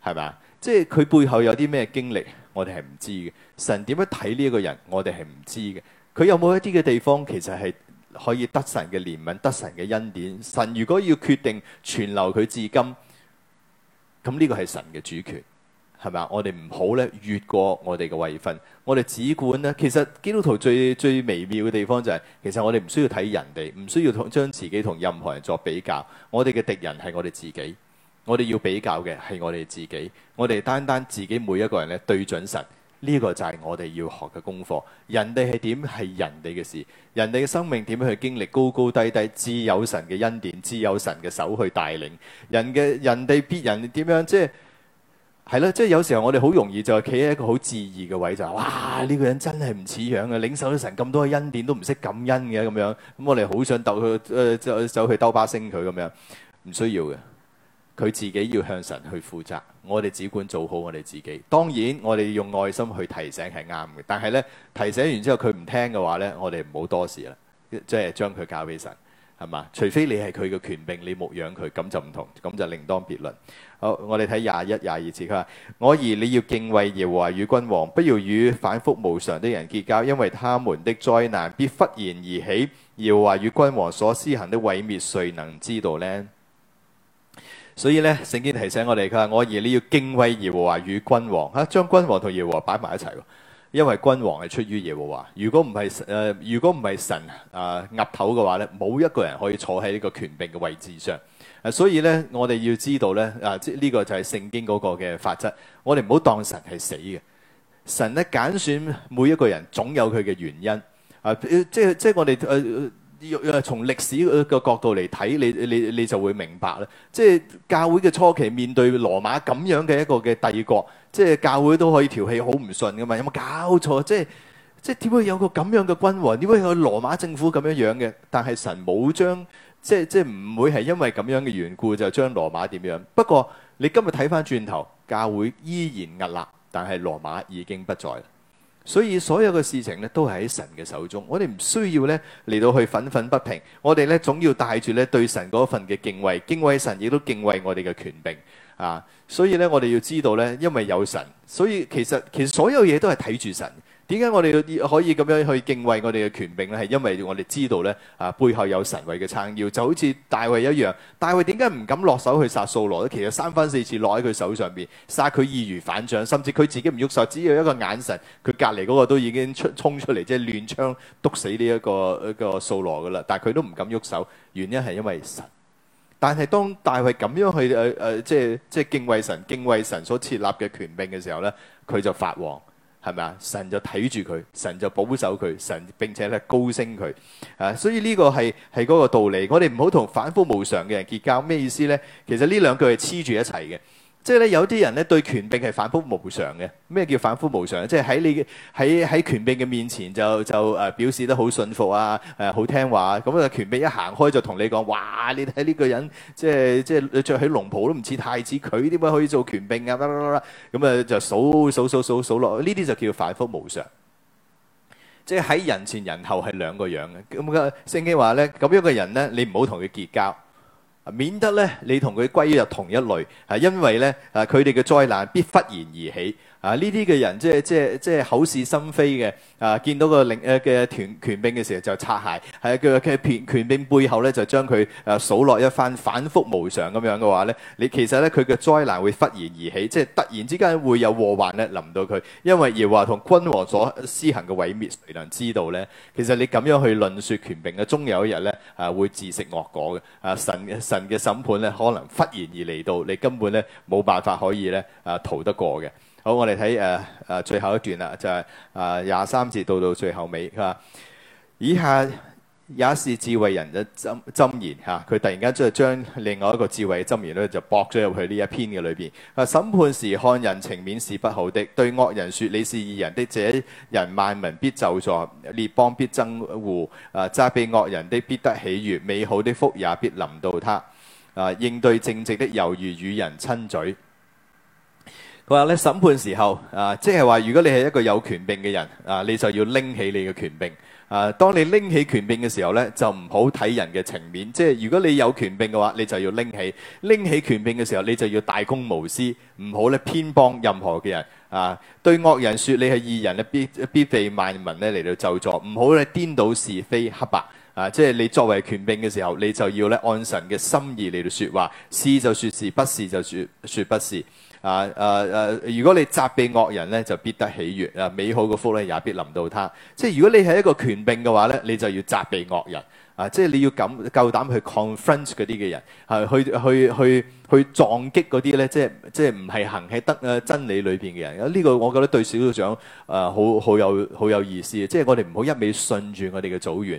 嘅，係咪？即係佢背後有啲咩經歷，我哋係唔知嘅。神點樣睇呢一個人，我哋係唔知嘅。佢有冇一啲嘅地方，其實係可以得神嘅憐憫、得神嘅恩典，神如果要決定存留佢至今，咁呢個係神嘅主權。係嘛？我哋唔好咧，越過我哋嘅位分，我哋只管呢，其實基督徒最最微妙嘅地方就係、是，其實我哋唔需要睇人哋，唔需要同將自己同任何人作比較。我哋嘅敵人係我哋自己，我哋要比較嘅係我哋自己。我哋單單自己每一個人咧對準神，呢、這個就係我哋要學嘅功課。人哋係點？係人哋嘅事，人哋嘅生命點樣去經歷高高低低，自有神嘅恩典，自有神嘅手去帶領人嘅人哋別人點樣即係。係咯， 即係有時候我哋好容易就係企喺一個好自義嘅位就，哇，呢個人真係唔似樣嘅，領受咗神咁多嘅恩典都唔識感恩嘅咁樣，咁我哋好想鬥佢，誒走去兜巴星佢咁樣，唔需要嘅，佢自己要向神去負責，我哋只管做好我哋自己。當然我哋用愛心去提醒係啱嘅，但係呢，提醒完之後佢唔聽嘅話呢，我哋唔好多事啦，即係將佢交俾神。係嘛？除非你係佢嘅權柄，你牧養佢，咁就唔同，咁就另當別論。好，我哋睇廿一、廿二次。佢話，我兒你要敬畏耶和華與君王，不要與反覆無常的人結交，因為他們的災難必忽然而起。耶和華與君王所施行的毀滅，誰能知道呢？所以呢，聖經提醒我哋，佢話，我兒你要敬畏耶和華與君王，吓、啊、將君王同耶和華擺埋一齊。因為君王係出於耶和華，如果唔係誒，如果唔係神啊岌、呃、頭嘅話咧，冇一個人可以坐喺呢個權柄嘅位置上。啊、呃，所以咧，我哋要知道咧，啊、呃，呢、呢個就係聖經嗰個嘅法則。我哋唔好當神係死嘅，神咧揀選每一個人，總有佢嘅原因。啊、呃呃，即係即係我哋誒。呃又又係從歷史個個角度嚟睇，你你你就會明白啦。即係教會嘅初期面對羅馬咁樣嘅一個嘅帝國，即係教會都可以條氣好唔順㗎嘛。有冇搞錯？即係即係點會有個咁樣嘅君王？點會有個羅馬政府咁樣樣嘅？但係神冇將即係即係唔會係因為咁樣嘅緣故就將羅馬點樣？不過你今日睇翻轉頭，教會依然屹立，但係羅馬已經不在。所以所有嘅事情咧，都係喺神嘅手中。我哋唔需要咧，嚟到去憤憤不平。我哋咧總要帶住咧對神嗰份嘅敬畏，敬畏神亦都敬畏我哋嘅權柄啊！所以咧，我哋要知道咧，因為有神，所以其實其實所有嘢都係睇住神。點解我哋可以咁樣去敬畏我哋嘅權柄咧？係因為我哋知道咧，啊，背後有神位嘅撐腰，就好似大衛一樣。大衛點解唔敢落手去殺掃羅咧？其實三番四次落喺佢手上邊殺佢易如反掌，甚至佢自己唔喐手，只要一個眼神，佢隔籬嗰個都已經出衝出嚟，即係亂槍督死呢一個一個掃羅噶啦。但係佢都唔敢喐手，原因係因為神。但係當大衛咁樣去誒誒，即係即係敬畏神、敬畏神所設立嘅權柄嘅時候咧，佢就發旺。係咪啊？神就睇住佢，神就保守佢，神並且咧高升佢。啊，所以呢個係係嗰個道理。我哋唔好同反覆無常嘅人結交。咩意思呢？其實呢兩句係黐住一齊嘅。即係咧，有啲人咧對權柄係反覆無常嘅。咩叫反覆無常咧？即係喺你喺喺權柄嘅面前就就誒表示得好順服啊，誒、啊、好聽話。咁啊，權柄一行開就同你講，哇！你睇呢個人，即係即係著起龍袍都唔似太子，佢點解可以做權柄啊？啦啦啦，咁啊就數數數數數落，呢啲就叫反覆無常。即係喺人前人後係兩個樣嘅。咁嘅聖經話咧，咁樣嘅人咧，你唔好同佢結交。免得咧你同佢歸入同一類，係因為咧啊，佢哋嘅災難必忽然而起。啊！呢啲嘅人即係即係即係口是心非嘅啊！見到個領誒嘅、啊、權權柄嘅時候就擦鞋係佢佢權柄背後咧就將佢誒、啊、數落一番，反覆無常咁樣嘅話咧，你其實咧佢嘅災難會忽然而起，即係突然之間會有禍患咧臨到佢，因為耶和華同君王所施行嘅毀滅，誰能知道咧？其實你咁樣去論説權柄嘅，終有一日咧啊，會自食惡果嘅啊！神神嘅審判咧可能忽然而嚟到，你根本咧冇辦法可以咧啊逃得過嘅。好，我哋睇誒誒最後一段啦，就係誒廿三節到到最後尾，佢、啊、以下也是智慧人嘅針針言嚇，佢、啊、突然間就將另外一個智慧嘅針言咧就駁咗入去呢一篇嘅裏邊。啊，審判時看人情面是不好的，對惡人説你是義人的，這人萬民必咒詛，列邦必憎惡。啊，責備惡人的必得喜悅，美好的福也必臨到他。啊，應對正直的猶如與人親嘴。佢話咧，審判時候啊，即係話如果你係一個有權柄嘅人啊，你就要拎起你嘅權柄啊。當你拎起權柄嘅時候咧，就唔好睇人嘅情面。即係如果你有權柄嘅話，你就要拎起拎起權柄嘅時候，你就要大公無私，唔好咧偏幫任何嘅人啊。對惡人説你係義人咧，必必被萬民咧嚟到咒詛。唔好咧顛倒是非黑白啊！即係你作為權柄嘅時候，你就要咧按神嘅心意嚟到説話，是就説是，不是就説説不是。啊誒誒、啊，如果你責備惡人咧，就必得喜悅啊！美好嘅福咧，也必臨到他。即係如果你係一個權柄嘅話咧，你就要責備惡人啊！即係你要敢夠膽去 confront 嗰啲嘅人，係、啊、去去去去撞擊嗰啲咧，即係即係唔係行喺得啊真理裏邊嘅人。呢、啊呢個我覺得對小組長啊，好好有好有意思。即係我哋唔好一味信住我哋嘅組員。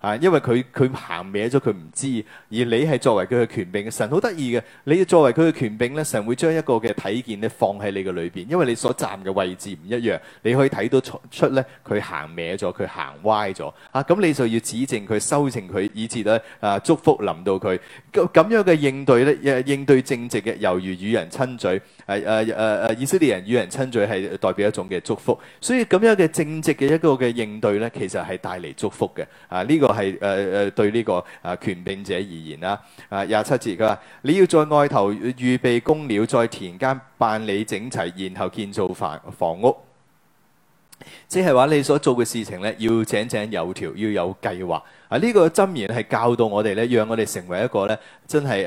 啊，因為佢佢行歪咗，佢唔知，而你係作為佢嘅權柄嘅神好得意嘅，你作為佢嘅權柄咧，神會將一個嘅體見咧放喺你嘅裏邊，因為你所站嘅位置唔一樣，你可以睇到出出咧佢行歪咗，佢行歪咗，啊咁你就要指正佢，修正佢，以致咧啊祝福臨到佢。咁樣嘅應對咧，應應對正直嘅，猶如與人親嘴，係誒誒誒以色列人與人親嘴係代表一種嘅祝福，所以咁樣嘅正直嘅一個嘅應對咧，其實係帶嚟祝福嘅。啊呢個。係誒誒，對呢個啊權柄者而言啦，啊廿七節佢話你要在外頭預備工料，在田間辦理整齊，然後建造房房屋，即係話你所做嘅事情呢，要井井有條，要有計劃啊！呢個箴言係教導我哋呢，讓我哋成為一個呢，真係誒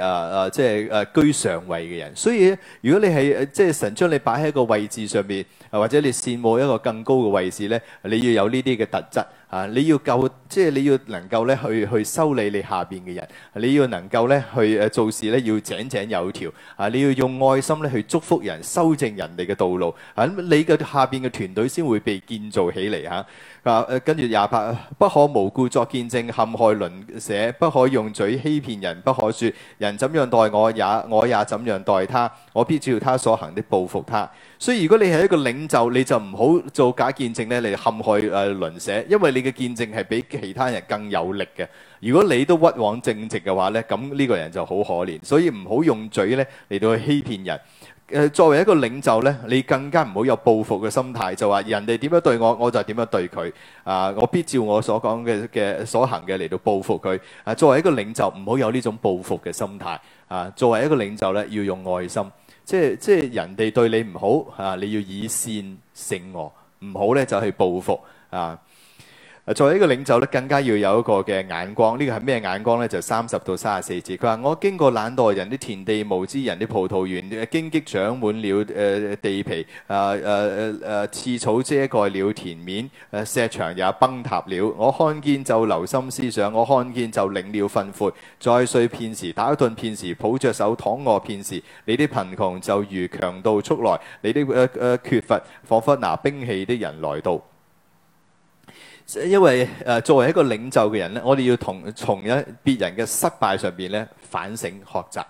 誒，即係誒居上位嘅人。所以如果你係即係神將你擺喺一個位置上面，或者你羨慕一個更高嘅位置呢，你要有呢啲嘅特質。啊！你要夠，即係你要能夠咧去去修理你下邊嘅人，你要能夠咧去誒做事咧，要井井有條。啊！你要用愛心咧去祝福人，修正人哋嘅道路。啊！你嘅下邊嘅團隊先會被建造起嚟嚇。啊啊！跟住廿八，不可無故作見證，陷害鄰舍；不可用嘴欺騙人，不可説人怎樣待我也，也我也怎樣待他。我必照他所行的報復他。所以如果你係一個領袖，你就唔好做假見證咧，嚟陷害誒鄰舍，因為你嘅見證係比其他人更有力嘅。如果你都屈枉正直嘅話咧，咁呢個人就好可憐。所以唔好用嘴咧嚟到去欺騙人。誒作為一個領袖咧，你更加唔好有報復嘅心態，就話人哋點樣對我，我就點樣對佢。啊，我必照我所講嘅嘅所行嘅嚟到報復佢。啊，作為一個領袖，唔好有呢種報復嘅心態。啊，作為一個領袖咧，要用愛心。即係即係人哋對你唔好，啊，你要以善勝惡。唔好咧就去報復。啊。作為一個領袖咧，更加要有一個嘅眼光。呢、這個係咩眼光呢？就三十到三十四節。佢話：我經過懶惰人啲田地、無知人啲葡萄園，荊棘長滿了誒、呃、地皮，啊啊啊啊刺草遮蓋了田面，石牆也崩塌了。我看見就留心思想，我看見就領了訓誨，再睡片時打盹片時，抱着手躺卧片時，你啲貧窮就如強盜出來，你啲誒誒缺乏彷彿拿兵器的人來到。因為誒、呃、作為一個領袖嘅人咧，我哋要同從一別人嘅失敗上邊咧，反省學習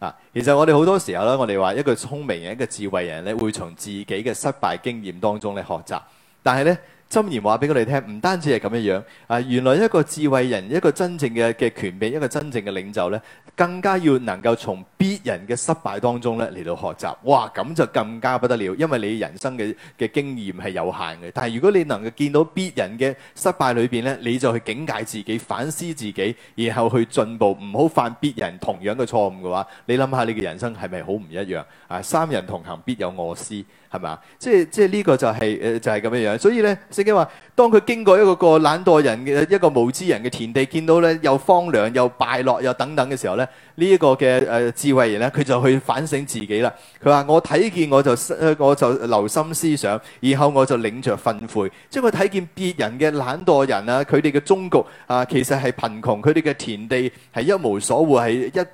啊。其實我哋好多時候咧，我哋話一個聰明人、一個智慧人咧，會從自己嘅失敗經驗當中咧學習，但係咧。箴言話俾我哋聽，唔單止係咁樣樣啊！原來一個智慧人，一個真正嘅嘅權柄，一個真正嘅領袖咧，更加要能夠從別人嘅失敗當中咧嚟到學習。哇！咁就更加不得了，因為你人生嘅嘅經驗係有限嘅。但係如果你能夠見到別人嘅失敗裏邊咧，你就去警戒自己、反思自己，然後去進步，唔好犯別人同樣嘅錯誤嘅話，你諗下你嘅人生係咪好唔一樣啊？三人同行必有我師，係咪啊？即係即係呢個就係、是、誒就係咁樣樣。所以咧。因為當佢經過一個個懶惰人嘅一個無知人嘅田地，見到咧又荒涼又敗落又等等嘅時候咧，呢、這、一個嘅誒、呃、智慧人咧，佢就去反省自己啦。佢話我睇見我就我就留心思想，然後我就領着訓誨。即係佢睇見別人嘅懶惰人啊，佢哋嘅終局啊，其實係貧窮，佢哋嘅田地係一無所獲，係一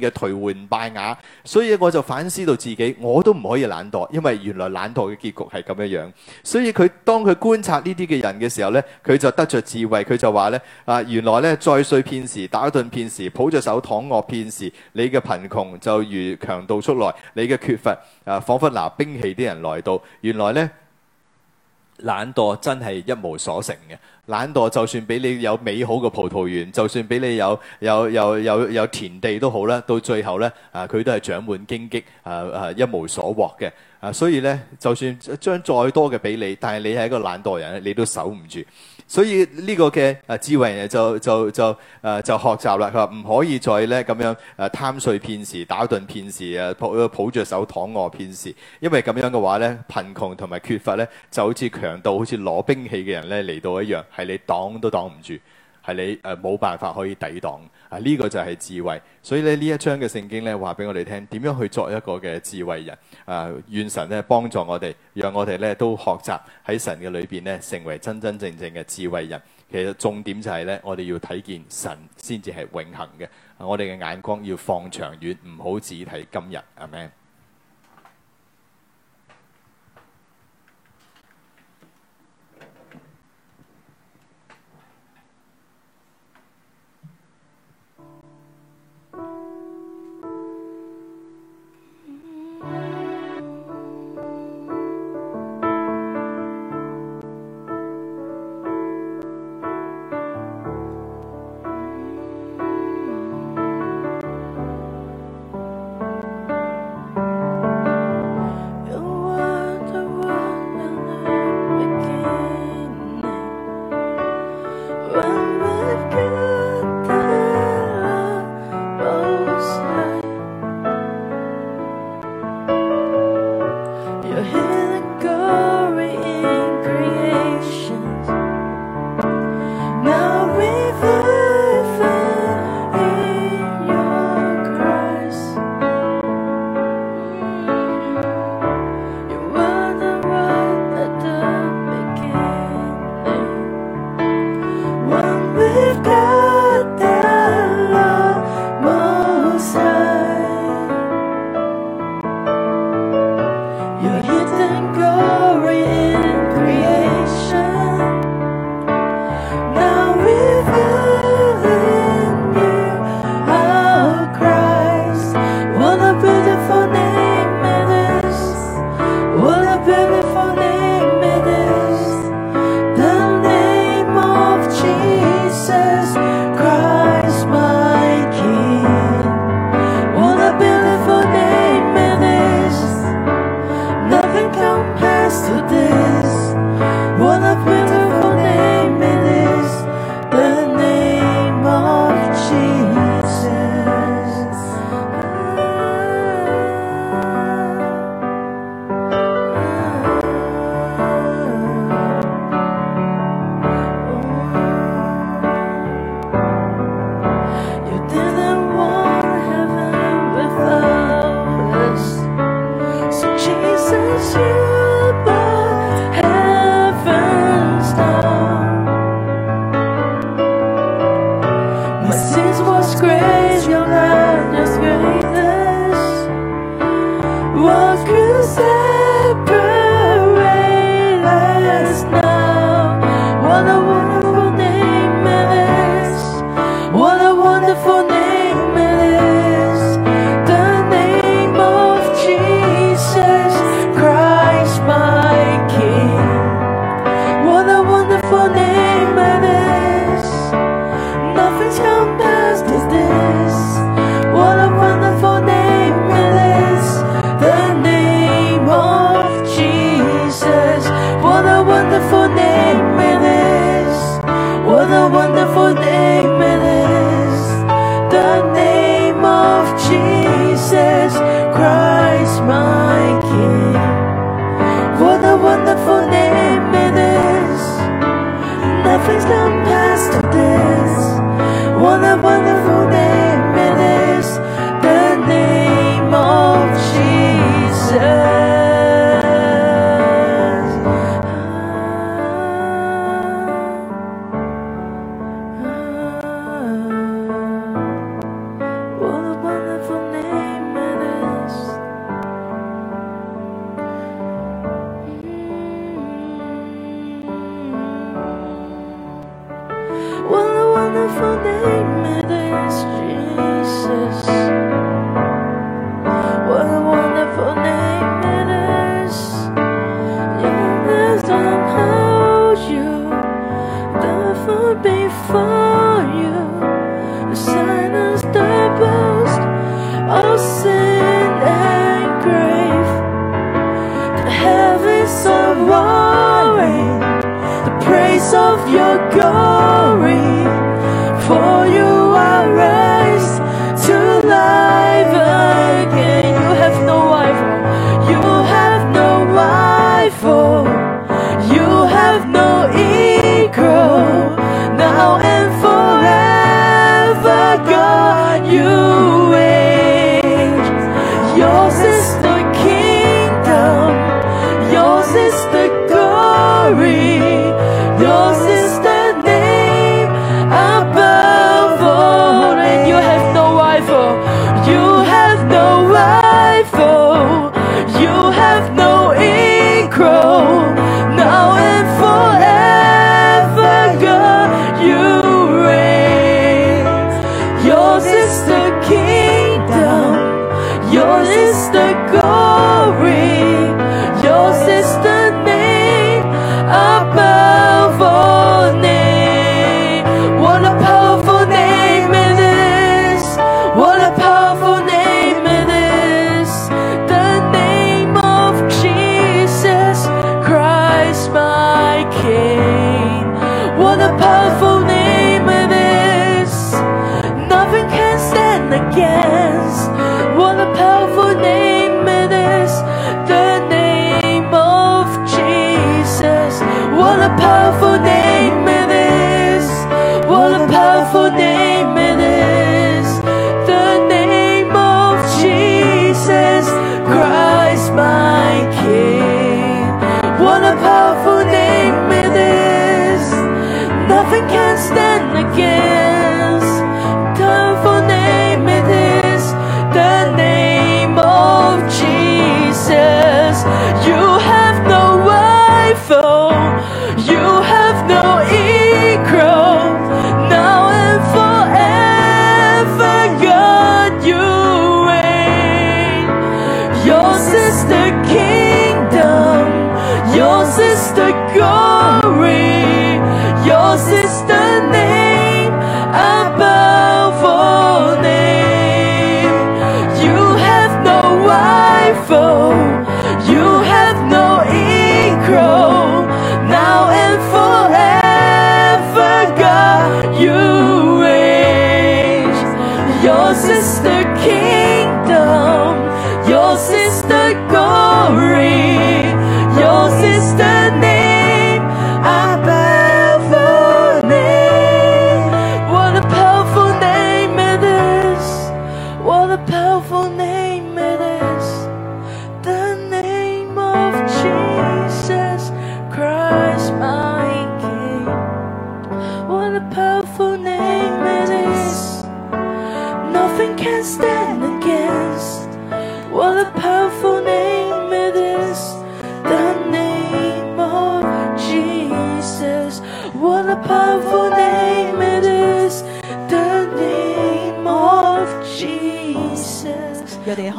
片嘅頹垣敗瓦。所以我就反思到自己，我都唔可以懶惰，因為原來懶惰嘅結局係咁樣樣。所以佢當佢觀。察呢啲嘅人嘅時候呢，佢就得着智慧，佢就話呢，啊，原來呢，再睡片時，打盹片時，抱着手躺卧片時，你嘅貧窮就如強盜出來，你嘅缺乏啊，仿佛拿兵器啲人來到。原來呢，懶惰真係一無所成嘅。懶惰就算俾你有美好嘅葡萄園，就算俾你有有有有有田地都好啦，到最後呢，啊，佢都係長滿荊棘，啊啊一無所獲嘅。啊，所以咧，就算將再多嘅俾你，但係你係一個懶惰人咧，你都守唔住。所以呢個嘅啊智慧人就就就誒、呃、就學習啦。佢話唔可以再咧咁樣誒貪睡片時，打盹片時啊，抱抱著手躺臥片時。因為咁樣嘅話咧，貧窮同埋缺乏咧，就好似強盜，好似攞兵器嘅人咧嚟到一樣，係你擋都擋唔住。係你誒冇、呃、辦法可以抵擋啊！呢、這個就係智慧，所以咧呢一章嘅聖經咧話俾我哋聽點樣去作一個嘅智慧人。誒、啊、願神咧幫助我哋，讓我哋咧都學習喺神嘅裏邊咧成為真真正正嘅智慧人。其實重點就係呢：我哋要睇見神先至係永恆嘅、啊，我哋嘅眼光要放長遠，唔好只睇今日。阿們。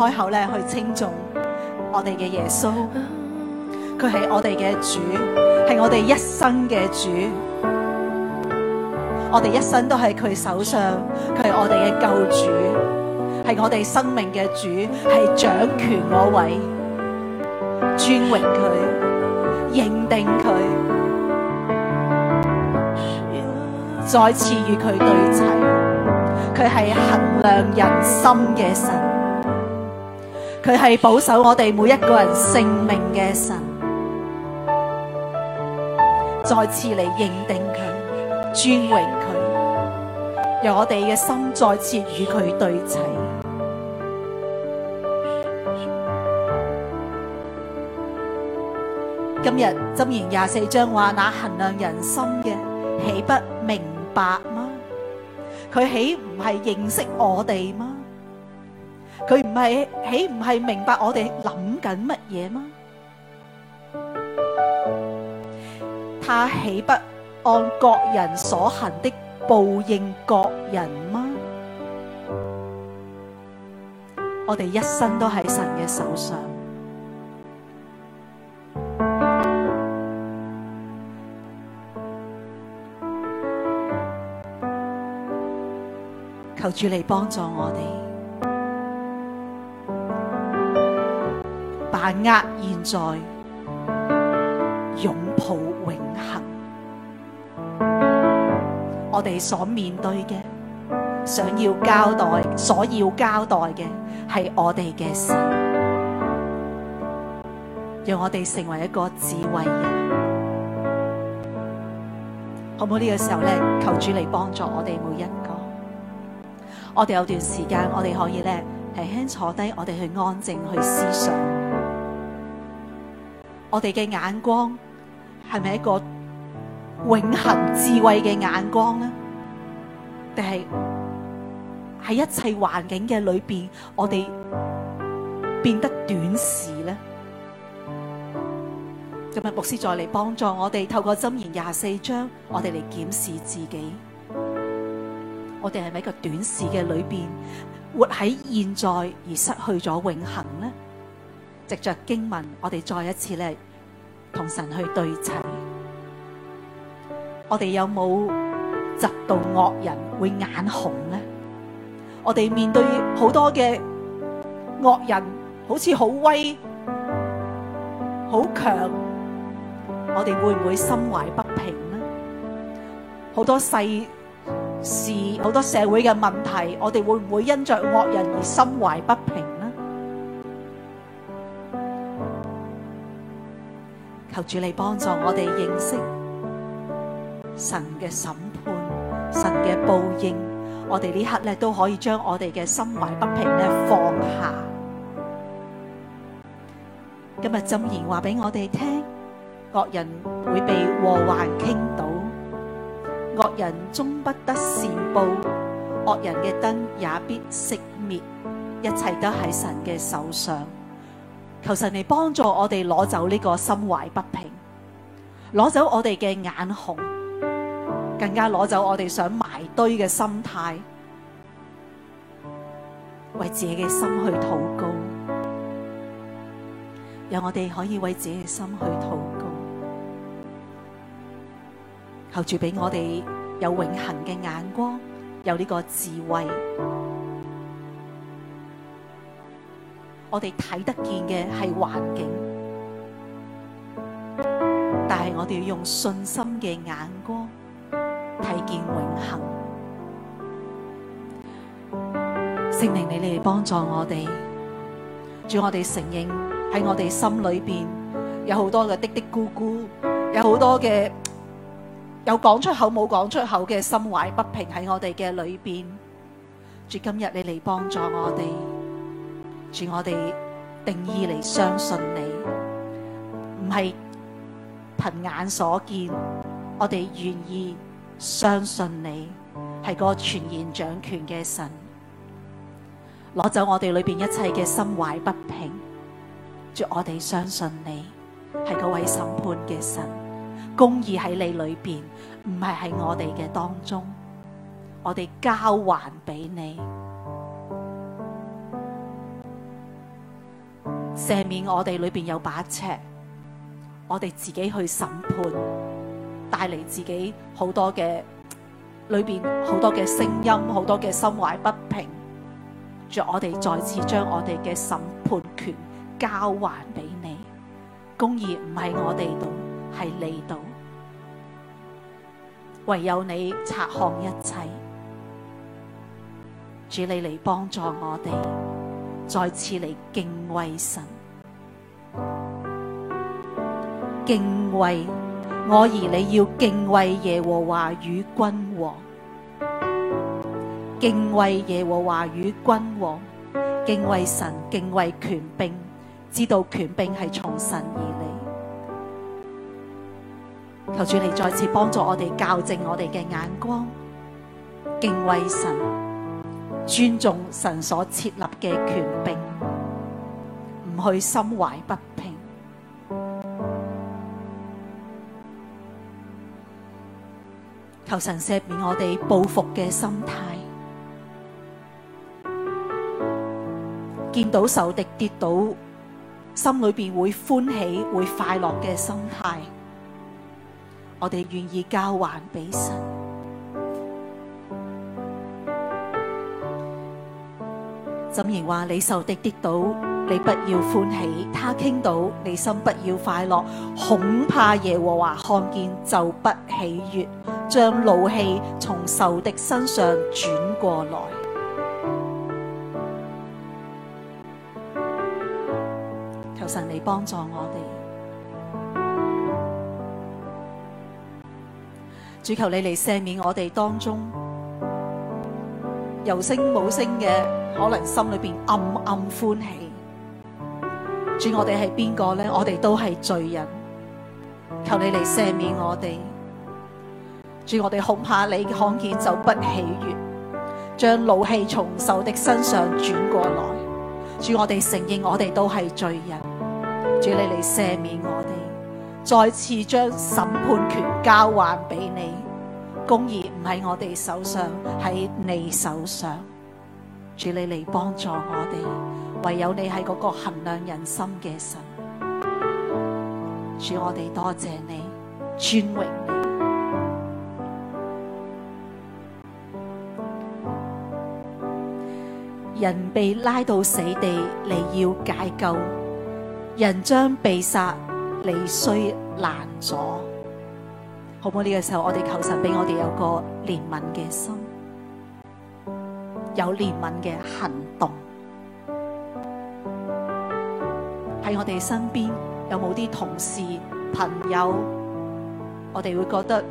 開口咧去稱頌我哋嘅耶穌，佢係我哋嘅主，係我哋一生嘅主，我哋一生都係佢手上，佢係我哋嘅救主，係我哋生命嘅主，係掌權嗰位，尊榮佢，認定佢，再次與佢對齊，佢係衡量人心嘅神。佢係保守我哋每一個人性命嘅神，再次嚟認定佢、尊榮佢，讓我哋嘅心再次與佢對齊。今日箴言廿四章話：那衡量人心嘅，豈不明白嗎？佢豈唔係認識我哋嗎？佢唔係，豈唔係明白我哋諗緊乜嘢嗎？他豈不按各人所行的報應各人嗎？我哋一生都喺神嘅手上，求主嚟幫助我哋。把握現在，擁抱永恒。我哋所面對嘅，想要交代，所要交代嘅，係我哋嘅神。讓我哋成為一個智慧人，好唔好？呢個時候咧，求主嚟幫助我哋每一個。我哋有段時間，我哋可以咧，輕輕坐低，我哋去安靜去思想。我哋嘅眼光係咪一個永恒智慧嘅眼光呢？定係喺一切環境嘅裏邊，我哋變得短視咧？咁啊，牧師再嚟幫助我哋透過箴言廿四章，我哋嚟檢視自己，我哋係咪一個短視嘅裏邊活喺現在而失去咗永恒咧？藉着經文，我哋再一次嚟同神去對齊。我哋有冇執到惡人會眼紅呢？我哋面對好多嘅惡人，好似好威、好強，我哋會唔會心懷不平呢？好多世事、好多社會嘅問題，我哋會唔會因着惡人而心懷不平？求主你幫助我哋認識神嘅審判、神嘅報應，我哋呢刻咧都可以將我哋嘅心懷不平咧放下。今日箴言話俾我哋聽，惡人會被禍患傾倒，惡人終不得善報，惡人嘅燈也必熄滅，一切都喺神嘅手上。求神嚟幫助我哋攞走呢個心懷不平，攞走我哋嘅眼紅，更加攞走我哋想埋堆嘅心態，為自己嘅心去禱告，讓我哋可以為自己嘅心去禱告，求主俾我哋有永恆嘅眼光，有呢個智慧。我哋睇得見嘅係環境，但係我哋要用信心嘅眼光睇見永恆。聖靈你嚟幫助我哋，主要我哋承認喺我哋心裏邊有好多嘅嘀嘀咕咕，有好多嘅有講出口冇講出口嘅心懷不平喺我哋嘅裏邊。主今日你嚟幫助我哋。住我哋定義嚟相信你，唔係憑眼所見，我哋願意相信你係個全然掌權嘅神，攞走我哋裏邊一切嘅心懷不平。住我哋相信你係嗰位審判嘅神，公義喺你裏邊，唔係喺我哋嘅當中，我哋交還俾你。赦免我哋裏邊有把尺，我哋自己去審判，帶嚟自己好多嘅裏邊好多嘅聲音，好多嘅心懷不平。主，我哋再次將我哋嘅審判權交還俾你，公義唔係我哋度，係你度，唯有你察看一切。主，你嚟幫助我哋。再次嚟敬畏神，敬畏我兒你要敬畏耶和華與君王，敬畏耶和華與君王，敬畏神，敬畏權柄。知道權柄係從神而嚟。求主你再次幫助我哋校正我哋嘅眼光，敬畏神。尊重神所設立嘅權柄，唔去心懷不平，求神赦免我哋報復嘅心態。見到仇敵跌倒，心裏邊會歡喜會快樂嘅心態，我哋願意交還俾神。箴言話你仇敵跌倒，你不要歡喜；他傾倒，你心不要快樂。恐怕耶和華看見就不喜悅，將怒氣從仇敵身上轉過來。求神你幫助我哋，主求你嚟赦免我哋當中。有聲冇聲嘅，星星的可能心裏邊暗暗歡喜。主我哋係邊個呢？我哋都係罪人，求你嚟赦免我哋。主我哋恐怕你看見就不喜悅，將怒氣從仇敵身上轉過來。主我哋承認我哋都係罪人，主你嚟赦免我哋，再次將審判權交還俾你，公義。喺我哋手上，喺你手上，主你嚟幫助我哋。唯有你係嗰個衡量人心嘅神，主我哋多謝你尊榮你。人被拉到死地，你要解救；人將被殺，你須攔阻。好唔好呢個時候，我哋求神俾我哋有個憐憫嘅心，有憐憫嘅行動。喺我哋身邊有冇啲同事朋友，我哋會覺得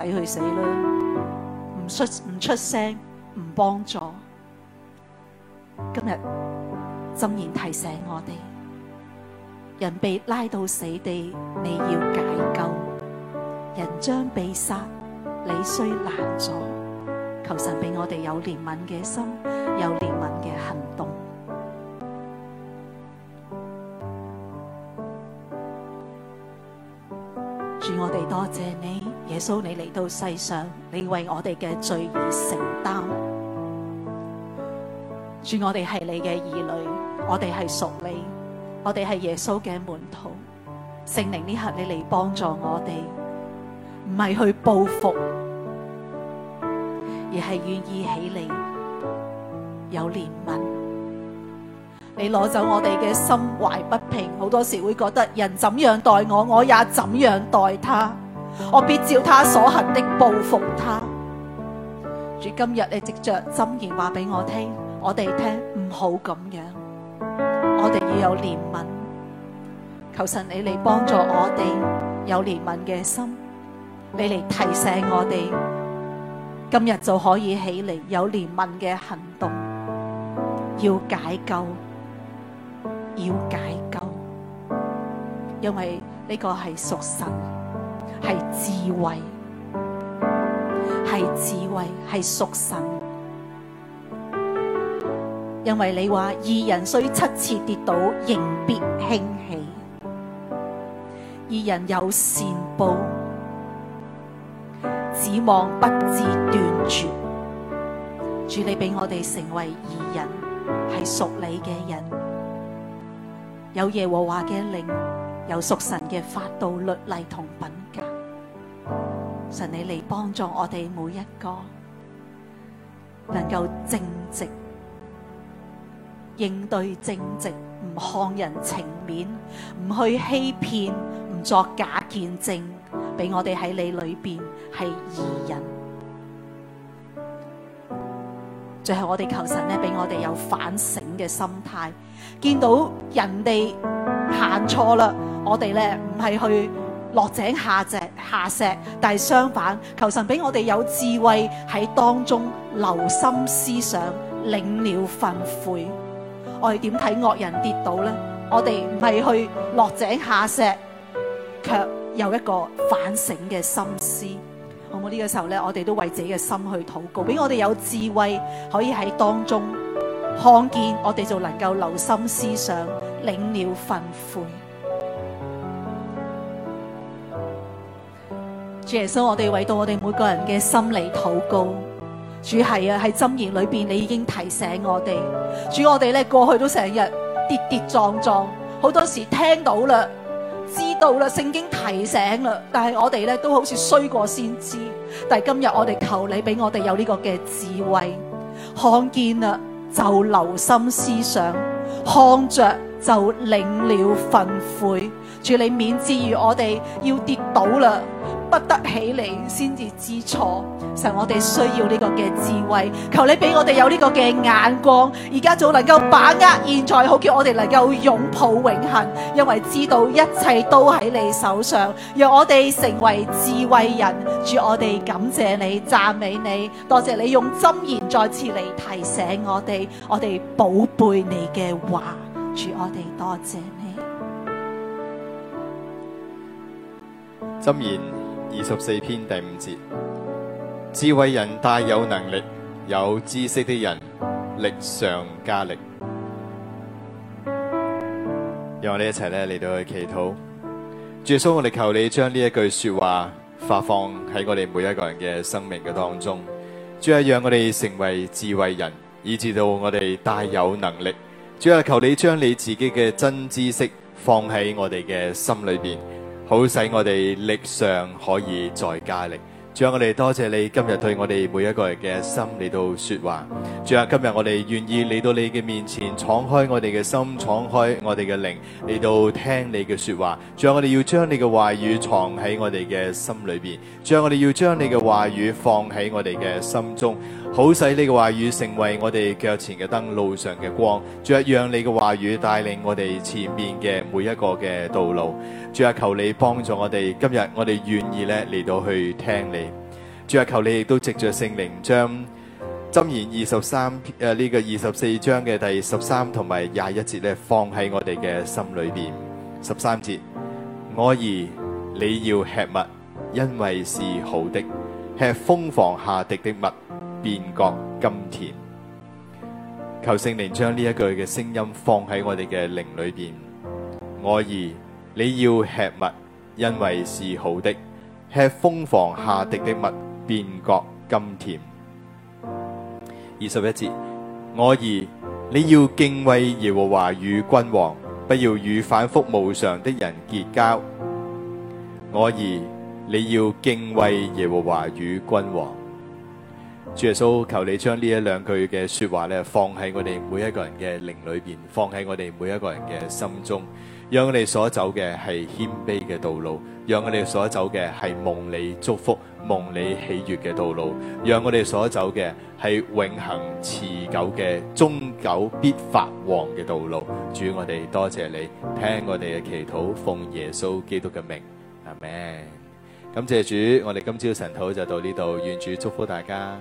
抵去死啦，唔出唔出聲，唔幫助。今日箴言提醒我哋，人被拉到死地，你要解救。人將被殺，你雖難阻，求神俾我哋有憐憫嘅心，有憐憫嘅行動。主，我哋多謝你，耶穌，你嚟到世上，你為我哋嘅罪而承擔。主，我哋係你嘅兒女，我哋係屬你，我哋係耶穌嘅門徒。聖靈呢刻，你嚟幫助我哋。唔係去報復，而係願意起你。有憐憫。你攞走我哋嘅心懷不平，好多時會覺得人怎樣待我，我也怎樣待他。我必照他所行的報復他。如今日你藉着箴言話俾我聽，我哋聽唔好咁樣，我哋要有憐憫。求神你嚟幫助我哋有憐憫嘅心。你嚟提醒我哋，今日就可以起嚟有憐憫嘅行動，要解救，要解救，因為呢個係屬神，係智慧，係智慧，係屬神。因為你話義人雖七次跌倒仍必興起，義人有善報。指望不致斷絕，主你俾我哋成為義人，係屬你嘅人，有耶和華嘅靈，有屬神嘅法度律例同品格。神你嚟幫助我哋每一個，能夠正直應對正直，唔看人情面，唔去欺騙，唔作假見證。俾我哋喺你裏邊係宜人。最後我哋求神咧，俾我哋有反省嘅心態，見到人哋行錯啦，我哋咧唔係去落井下石下石，但係相反，求神俾我哋有智慧喺當中留心思想，領了份悔。我哋點睇惡人跌倒咧？我哋唔係去落井下石，卻。有一個反省嘅心思，好冇呢、這個時候咧，我哋都為自己嘅心去禱告，俾我哋有智慧可以喺當中看見，我哋就能夠留心思想，領了悔悔。主耶穌，我哋為到我哋每個人嘅心嚟禱告，主係啊，喺箴言裏邊你已經提醒我哋，主我哋咧過去都成日跌跌撞撞，好多時聽到啦。知道啦，聖經提醒啦，但係我哋呢都好似衰過先知，但係今日我哋求你俾我哋有呢個嘅智慧，看見啦就留心思想，看着就領了憤悔，主你免至於我哋要跌倒啦。不得起嚟先至知錯，神，我哋需要呢個嘅智慧，求你俾我哋有呢個嘅眼光，而家仲能夠把握現在好，好叫我哋能夠擁抱永恒，因為知道一切都喺你手上，讓我哋成為智慧人。主，我哋感謝你，讚美你，多謝你用箴言再次嚟提醒我哋，我哋寶貝你嘅話，主，我哋多謝你箴言。箴言二十四篇第五節，智慧人大有能力，有知識的人，力上加力。讓我哋一齊咧嚟到去祈禱，主啊，我哋求你將呢一句說話發放喺我哋每一個人嘅生命嘅當中。主啊，讓我哋成為智慧人，以至到我哋大有能力。主啊，求你將你自己嘅真知識放喺我哋嘅心裏面。好使我哋力上可以再加力。仲有，我哋多謝你今日對我哋每一個人嘅心嚟到說話。仲有，今日我哋願意嚟到你嘅面前，敞開我哋嘅心，敞開我哋嘅靈嚟到聽你嘅說話。仲有，我哋要將你嘅話語藏喺我哋嘅心裏邊。仲有，我哋要將你嘅話語放喺我哋嘅心中。好使你嘅話語成為我哋腳前嘅燈，路上嘅光。主啊，讓你嘅話語帶領我哋前面嘅每一個嘅道路。主啊，求你幫助我哋，今日我哋願意咧嚟到去聽你。主啊，求你亦都藉着聖靈將箴言二十三誒呢、呃這個二十四章嘅第十三同埋廿一節咧放喺我哋嘅心裏邊。十三節，我兒你要吃蜜，因為是好的，吃蜂房下滴的蜜。便覺甘甜。求聖靈將呢一句嘅聲音放喺我哋嘅靈裏邊。我兒，你要吃蜜，因為是好的；吃蜂房下滴的蜜，便覺甘甜。二十一節，我兒，你要敬畏耶和華與君王，不要與反覆無常的人結交。我兒，你要敬畏耶和華與君王。主耶穌，求你將呢一兩句嘅說話咧，放喺我哋每一個人嘅靈裏邊，放喺我哋每一個人嘅心中，讓我哋所走嘅係謙卑嘅道路，讓我哋所走嘅係蒙你祝福、蒙你喜悅嘅道路，讓我哋所走嘅係永恆持久嘅、終久必發旺嘅道路。主，我哋多謝你聽我哋嘅祈禱，奉耶穌基督嘅名，阿門。感謝主，我哋今朝神土就到呢度，願主祝福大家。